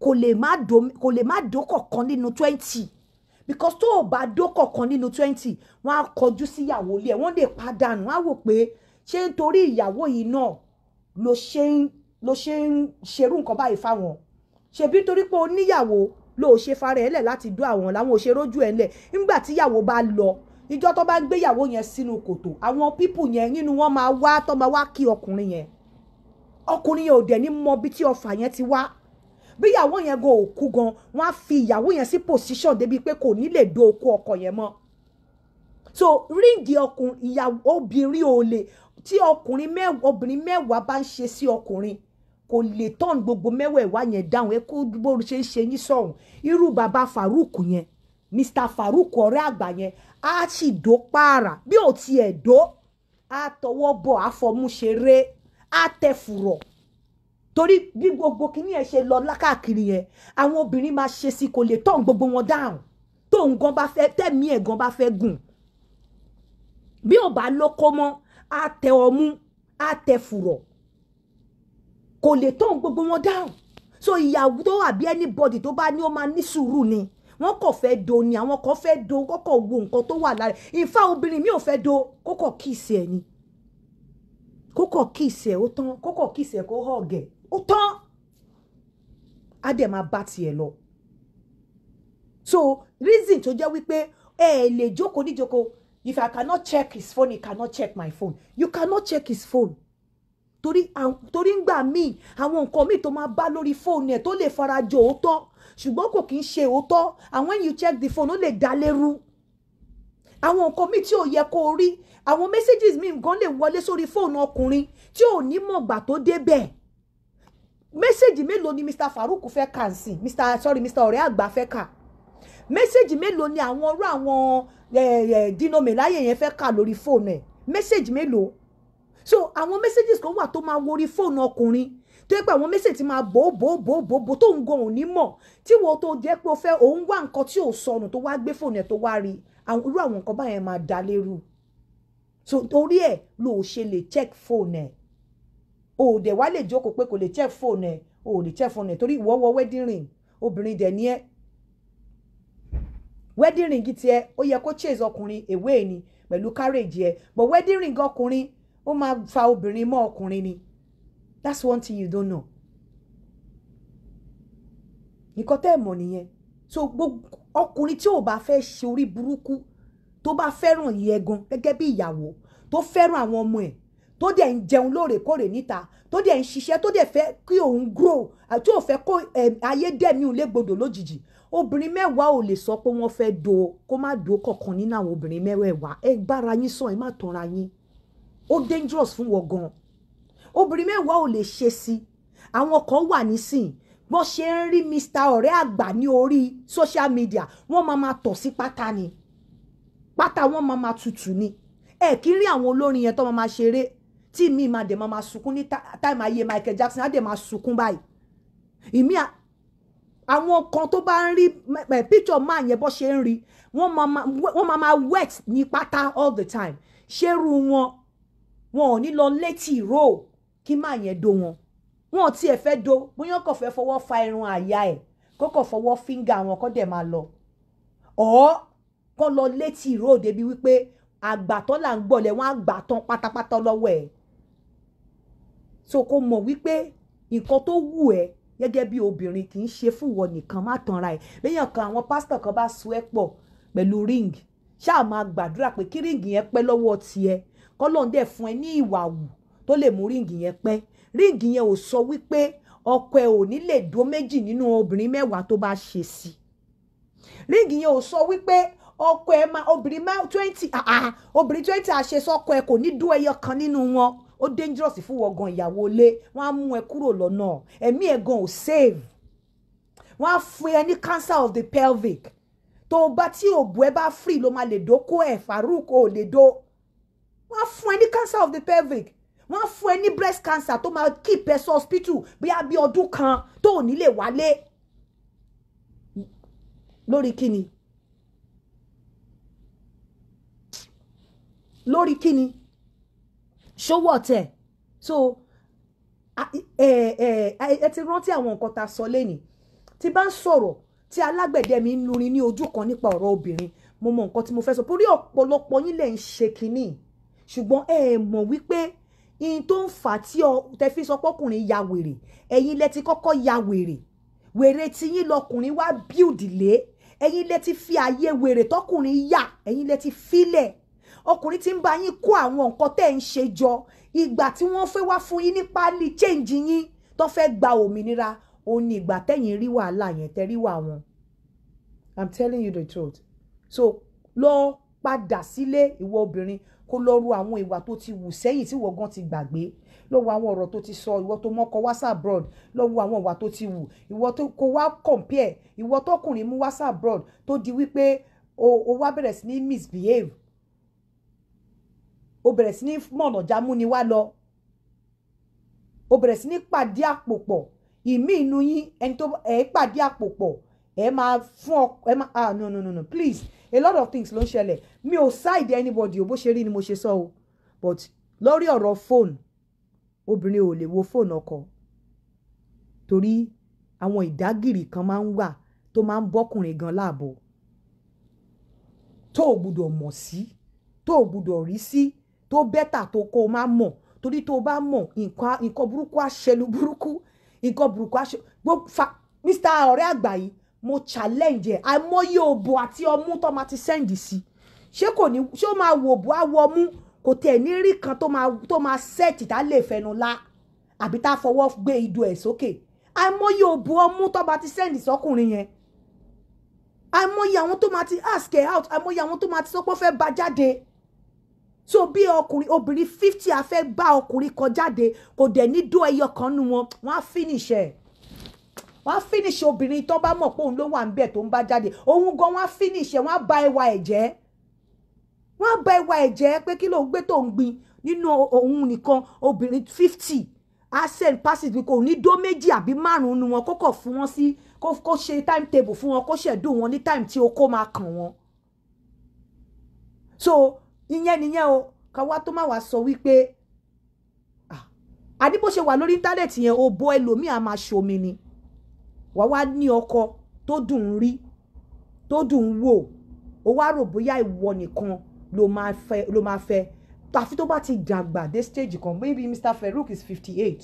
kò lè má do kò lè má do kọ̀ọ̀kan nínú twenty because tó o bá do kọ̀ọ̀kan nínú twenty wọ́n á kọjú sí ìyàwó ilé ẹ̀ wọ́n lè pàdánù wọ́n á wò pé ṣé nítorí ìyàwó yìí náà ló ṣe ń ló ṣe ń ṣerú nǹkan báyìí fáwọn ṣebí nítorí pé o níyàwó ló o ṣe fara ẹ̀ lẹ̀ láti dún àwọn làwọn ò ṣe rójú ẹ̀ lẹ̀ nígbà tíyàwó bá lọ ìjọ tó bá ń gbéyàwó yẹn sínú kòtò àwọn pípù yẹn nínú wọn máa wá tó máa wá kí ọkùnrin yẹn ọkùnrin yẹn ò dẹ̀ ní mọ bí tí ọfà yẹn ti wá bí ìyàwó yẹn gan ò kú gan wọ́n á fi ìyàwó yẹn sí position débi pé kò ní lè do okó ọkọ yẹn mọ́ so ríǹgì ọkùnrin ìyàwó obìnrin ò lè tí ọkùnrin mẹ́wàá obìnrin mẹ́wàá bá ń ṣe sí ọkùnrin kò lè tọ́n gbogbo mẹ́wàá ìwá yẹn dáhùn ẹ kó bó ṣe ń ṣe yín sọ̀hún irú bàbá Farouk yẹn Mr Farouk ọ̀rẹ́ àgbà yẹn á sì dó pààrà bí ò tiẹ̀ dó á tọwọ́ bọ̀ àfọmúṣeré á tẹ fùrọ̀ torí bí gbogbo kíní ẹ ṣe lọ lákàkiri yẹn àwọn obìnrin máa ṣe sí kò lè tọ́n gbogbo wọn dáhùn tóun gan bá fẹ́ tẹ̀mí ẹ̀ gan bá fẹ́ gùn bí ò bá lóko mọ́ á tẹ ọmú á tẹ fùrọ̀ kò lè tọ́n gbogbo wọn dáhùn so ìyàwó tó àbí anybody tó bá ní ó máa ní sùúrù ni wọn kò fẹ́ do ni àwọn kan fẹ́ do kọ́kọ́ wo nǹkan tó wà lára ìfá obìnrin mi ò fẹ́ do kókọ̀ kíìsì ẹ̀ ni kókọ̀ kíìsì ẹ̀ ó tán kókọ̀ kíìsì ẹ̀ kó hàn gẹ̀ẹ́ ó tán á dẹ̀ máa bá tiẹ̀ lọ so reason tó jẹ́ wípé ẹ lè jókòó níjókòó if i cannot check his phone he cannot check my phone you cannot check his phone torí torí ń gbà míì àwọn nǹkan míì tó máa bá lórí fóònù ẹ̀ tó lè fara jọ òótọ́ ṣùgbọ́n kò kí ń ṣe òótọ́ and when you check the phone ó lè dá lérú àwọn nǹkan míì tí ò yẹ kó rí àwọn messages míì gan lè wọlé sórí fóònù ọkùnrin tí ò ní mọ̀gbà tó débẹ̀ mẹ́sẹ̀gì mélòó ni mr farouk fẹ́ kà ń mr sorry mr ọ̀rẹ́ àgbà fẹ́ kà mẹ́sẹ̀gì mélòó ni àwọn ọ̀rọ̀ àwọn dinomeláyè yẹn fẹ́ kà lórí fóònù ẹ̀ mẹ́sẹ̀gì mélòó so àwọn mẹ́sẹ̀gì kan wà tó máa worí fóònù ọkùnrin tó yẹ pé àwọn mẹ́sẹ̀gì ti máa bò bò bò bò bò tó ń gan òní mọ̀ tí wo tó jẹ́ pé o fẹ́ òun wá nǹkan tí ò sọnù tó wá gbé fóònù ẹ̀ tó wá rí irú àwọn nǹkan báyẹn máa dá lérú so torí ẹ̀ ló ṣe lè check fóònù ẹ̀ o ò dẹ̀ wá lè jókòó pé kò lè check phone ẹ̀ o lè check phone ẹ̀ torí ìwọ wọ wedding ring obìnrin dẹ̀ ni ẹ́ wedding ring tiẹ̀ ó yẹ kó chase ọkùnrin èwe ni pẹ̀lú carriage ẹ̀ but wedding ring ọkùnrin ó máa fa obìnrin mọ́ ọkùnrin ni that's one thing you don't know nǹkan tẹ́ ẹ̀ mọ̀ nìyẹn so gbogbo ọkùnrin tí ò bá fẹ́ ṣe orí burúkú tó bá fẹ́ràn yẹ gan gẹ́gẹ́ bí ìyàwó tó fẹ́ràn àwọn ọmọ ẹ̀ tó dẹ̀ ń jẹun lóòrèkóòrè níta tó dẹ̀ ń ṣiṣẹ́ tó dẹ̀ fẹ́ kí òun grow àti ó fẹ́ kó ayé dẹ̀mí òun légbodò lójijì obìnrin mẹ́wàá ò lè sọ pé wọ́n fẹ́ do kó má do kọ̀ọ̀kan nínú àwọn obìnrin mẹ́wàá ẹ gbára yín sàn ẹ má tanra yín ó dangerous fún wọn gan obìnrin mẹ́wàá ò lè ṣe sí àwọn kan wà nísìn bó ṣe ń rí mr ọ̀rẹ́ àgbà ní orí social media wọ́n máa máa tọ̀ sí pátá ni pátá wọ́n máa máa tutù ni ẹ kì í rí àwọn olórin yẹn tó máa máa ṣeré tí mi máa dẹ̀ máa sunkún ní táìmù ayé Michael Jackson á dẹ̀ máa sunkún báyìí ìmí àwọn kan tó bá ń rí píkṣọ máa yẹn bó ṣe ń rí wọ́n máa máa wet ní pátá all the time ṣerú wọn wọn ò ní lọ létí ìró kí máa yẹn do wọn wọn ò tiẹ̀ fẹ́ do bóyá kò fẹ́ fọwọ́ fa irun àyà ẹ̀ kó kò fọwọ́ fíńgà wọn kó dẹ̀ máa lọ ọ̀ kó lọ létí ìró débi wípé àgbàtọ́ là ń gbọ́lẹ̀ wọ́n àgbàtọ́ pátápátá lọ́wọ́ ẹ̀ so kó mọ̀ wípé nǹkan tó wù ẹ́ gẹ́gẹ́ bí obìnrin kì í ṣe fúnwọ nìkan má tanra ẹ̀ léyàn kan àwọn pásítọ̀ kan bá so ẹ́ pọ̀ pẹ̀lú ring ṣáà máa gbàdúrà pé kí ring yẹn pẹ́ lọ́wọ́ tiẹ̀ kọ́lọ́n dẹ̀ fún ẹ ní ìwà wù tó lè mú ring yẹn pẹ́ ring yẹn ò sọ wípé ọkọ ẹ ò ní lè dó méjì nínú obìnrin mẹ́wàá tó bá ṣe sí ring yẹn ò sọ wípé ọkọ ẹ máa obìnrin twenty obìnrin twenty àṣesọ ọkọ ẹ kò ní dó ẹyọ kan nínú wọn ó dangerous fún wọn gan ìyàwó ilé wọ́n á mú ẹ kúrò lọ́nà ẹ̀mí ẹ̀ gan ò save wọ́n á fún ẹ ní cancer of the pelvic tó o bá tí òbú ẹ bá free ló máa lè dókó ẹ Farouk ò lè dó wọ́n á fún ẹ ní cancer of the pelvic wọ́n á fún ẹ ní breast cancer tó máa keep ẹ sọ hospital bóyá bí ọdún kan tó ò ní lè wálé lórí kíni lórí kíni ṣówọ́ tẹ̀ eh? so ẹ ẹ ẹ ti rántí àwọn nǹkan tá a sọ lẹ́nìí tí bá ń sọ̀rọ̀ tí alágbẹ̀dẹ mi ń lurin ní ojú kan nípa ọ̀rọ̀ obìnrin mo mọ nǹkan tí mo fẹ́ sọ torí ọ̀pọ̀lọpọ̀ yín lẹ̀ ń ṣe kínní ṣùgbọ́n ẹ mọ̀ wípé ihun tó ń fà tí ọ tẹfí sọ pọkùnrin ya wèrè ẹ̀yin lẹ ti kọ́kọ́ ya wèrè wèrè tiyín lọkùnrin wá bíùdì ẹ̀yin lẹ ti fi ààyè wèrè tọkùnrin yà ẹ̀yin lẹ ti filẹ̀ ọkùnrin tí ń bá yín kó àwọn nǹkan tẹ́ ń ṣe jọ ìgbà tí wọ́n fẹ́ wá fún yín ní páálí change yín tó fẹ́ gba òmìnira òun ni ìgbà tẹ́yìn rí wàhálà yẹn tẹ́ rí wà wọn. I'm telling you the truth. So lọ padà sílé ìwọ obìnrin kó lọ ru àwọn ìwà tó ti wù sẹ́yìn tí wọ́n gan ti gbàgbé lọ wo àwọn ọ̀rọ̀ tó ti sọ ìwọ tó mọ́kọ wáṣà abroad lọ wo àwọn ìwà tó ti wù ìwọ tó kó wá compare ìwọ tọkùnrin mú wáṣà abroad tó di wípé o wá bẹ̀rẹ̀ sí ní misbehave o bẹ̀rẹ̀ sí ní mọ̀nà jámú ni wá lọ o bẹ̀rẹ̀ sí ní pàdé àpò pọ̀ ìmí inú yín ẹni tó ẹ̀ pàdé àpò pọ̀ ẹ máa fún ọ ẹ máa ah no no no no please a lot of things ló ń ṣẹlẹ̀ mi ò side anybody o bó ṣe rí ni mo ṣe sọ o but lórí ọ̀rọ̀ fóònù obìnrin ò lè wo fóònù ọkọ torí àwọn ìdágìrì kan máa ń wà tó máa ń bọ́kùnrin gan láàbò tó o gbúdọ̀ mọ̀ sí tó o gbúdọ̀ rí sí tó bẹ́tà tó kó o má mọ̀ torí tó o bá mọ̀ nǹkan burúkú àṣẹlú burúkú nǹkan burúkú àṣẹlú gbogbo fa Mr. ọ̀rẹ́ àgbà yìí mo challenge ẹ̀ àìmọye òbò àti ọmú tó máa ti send sí ṣé kò ní ṣé ó máa wò òbò àwọ ọmú kò tẹ̀ ní rí kan tó máa set tá lè fẹnu la àbí tá fọwọ́ gbé idu ẹ̀ sókè àìmọye òbò ọmú tó máa ti send sọkùnrin yẹn àìmọye àwọn tó máa ti ask her out àìmọye àwọn tó máa ti sọ pé ó fẹ́ bá jáde so bí ọkùnrin obìnrin fifty afẹ́ bá ọkùnrin kan jáde kò dẹ̀ ní dó ẹyọ kan nu wọn wọ́n á finish ẹ̀ wọ́n á finish obìnrin tó bá mọ̀ pé òun ló wà níbẹ̀ tó ń bá jáde òun gan wọ́n á finish ẹ̀ wọ́n á ba ẹwà ẹ̀ jẹ́ wọ́n á ba ẹwà ẹ̀ jẹ́ pé kí ló ń gbé tó ń gbin nínú òun nìkan obìnrin fifty asset passes bí kò ní dó méjì àbí márùn-ún nu wọn kó kọ̀ fún wọn sí kó ṣe time table fún wọn kó ṣẹ̀dùn wọn ní time tí okó máa kàn wọn. so ìyẹn nìyẹn o ká wá tó má wá sọ wípé àní bó ṣe wà lórí íńtánẹ́ẹ̀tì yẹn o bọ ẹlòmíì á máa ṣomi ni wàá wá ní ọkọ tó dùn ún rí tó dùn ún wò ó wá rò bóyá ìwọ nìkan ló máa fẹ́ tàfi tó bá ti dàgbà dé stage kan maybe Mr. Farouk is fifty eight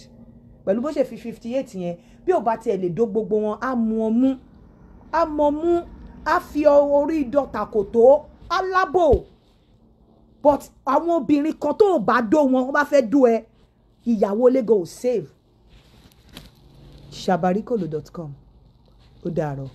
pẹ̀lú bó ṣe fi fifty eight yẹn bí ò bá tiẹ̀ lè dó gbogbo wọn á mú ọmú á mọ ọmú á fi orí dọ̀tà kò tó á lábò but àwọn obìnrin kan tó ò bá dó wọn wọ́n bá fẹ́ dó ẹ ìyàwó lego save shabarikolo dot com ó dàárọ̀.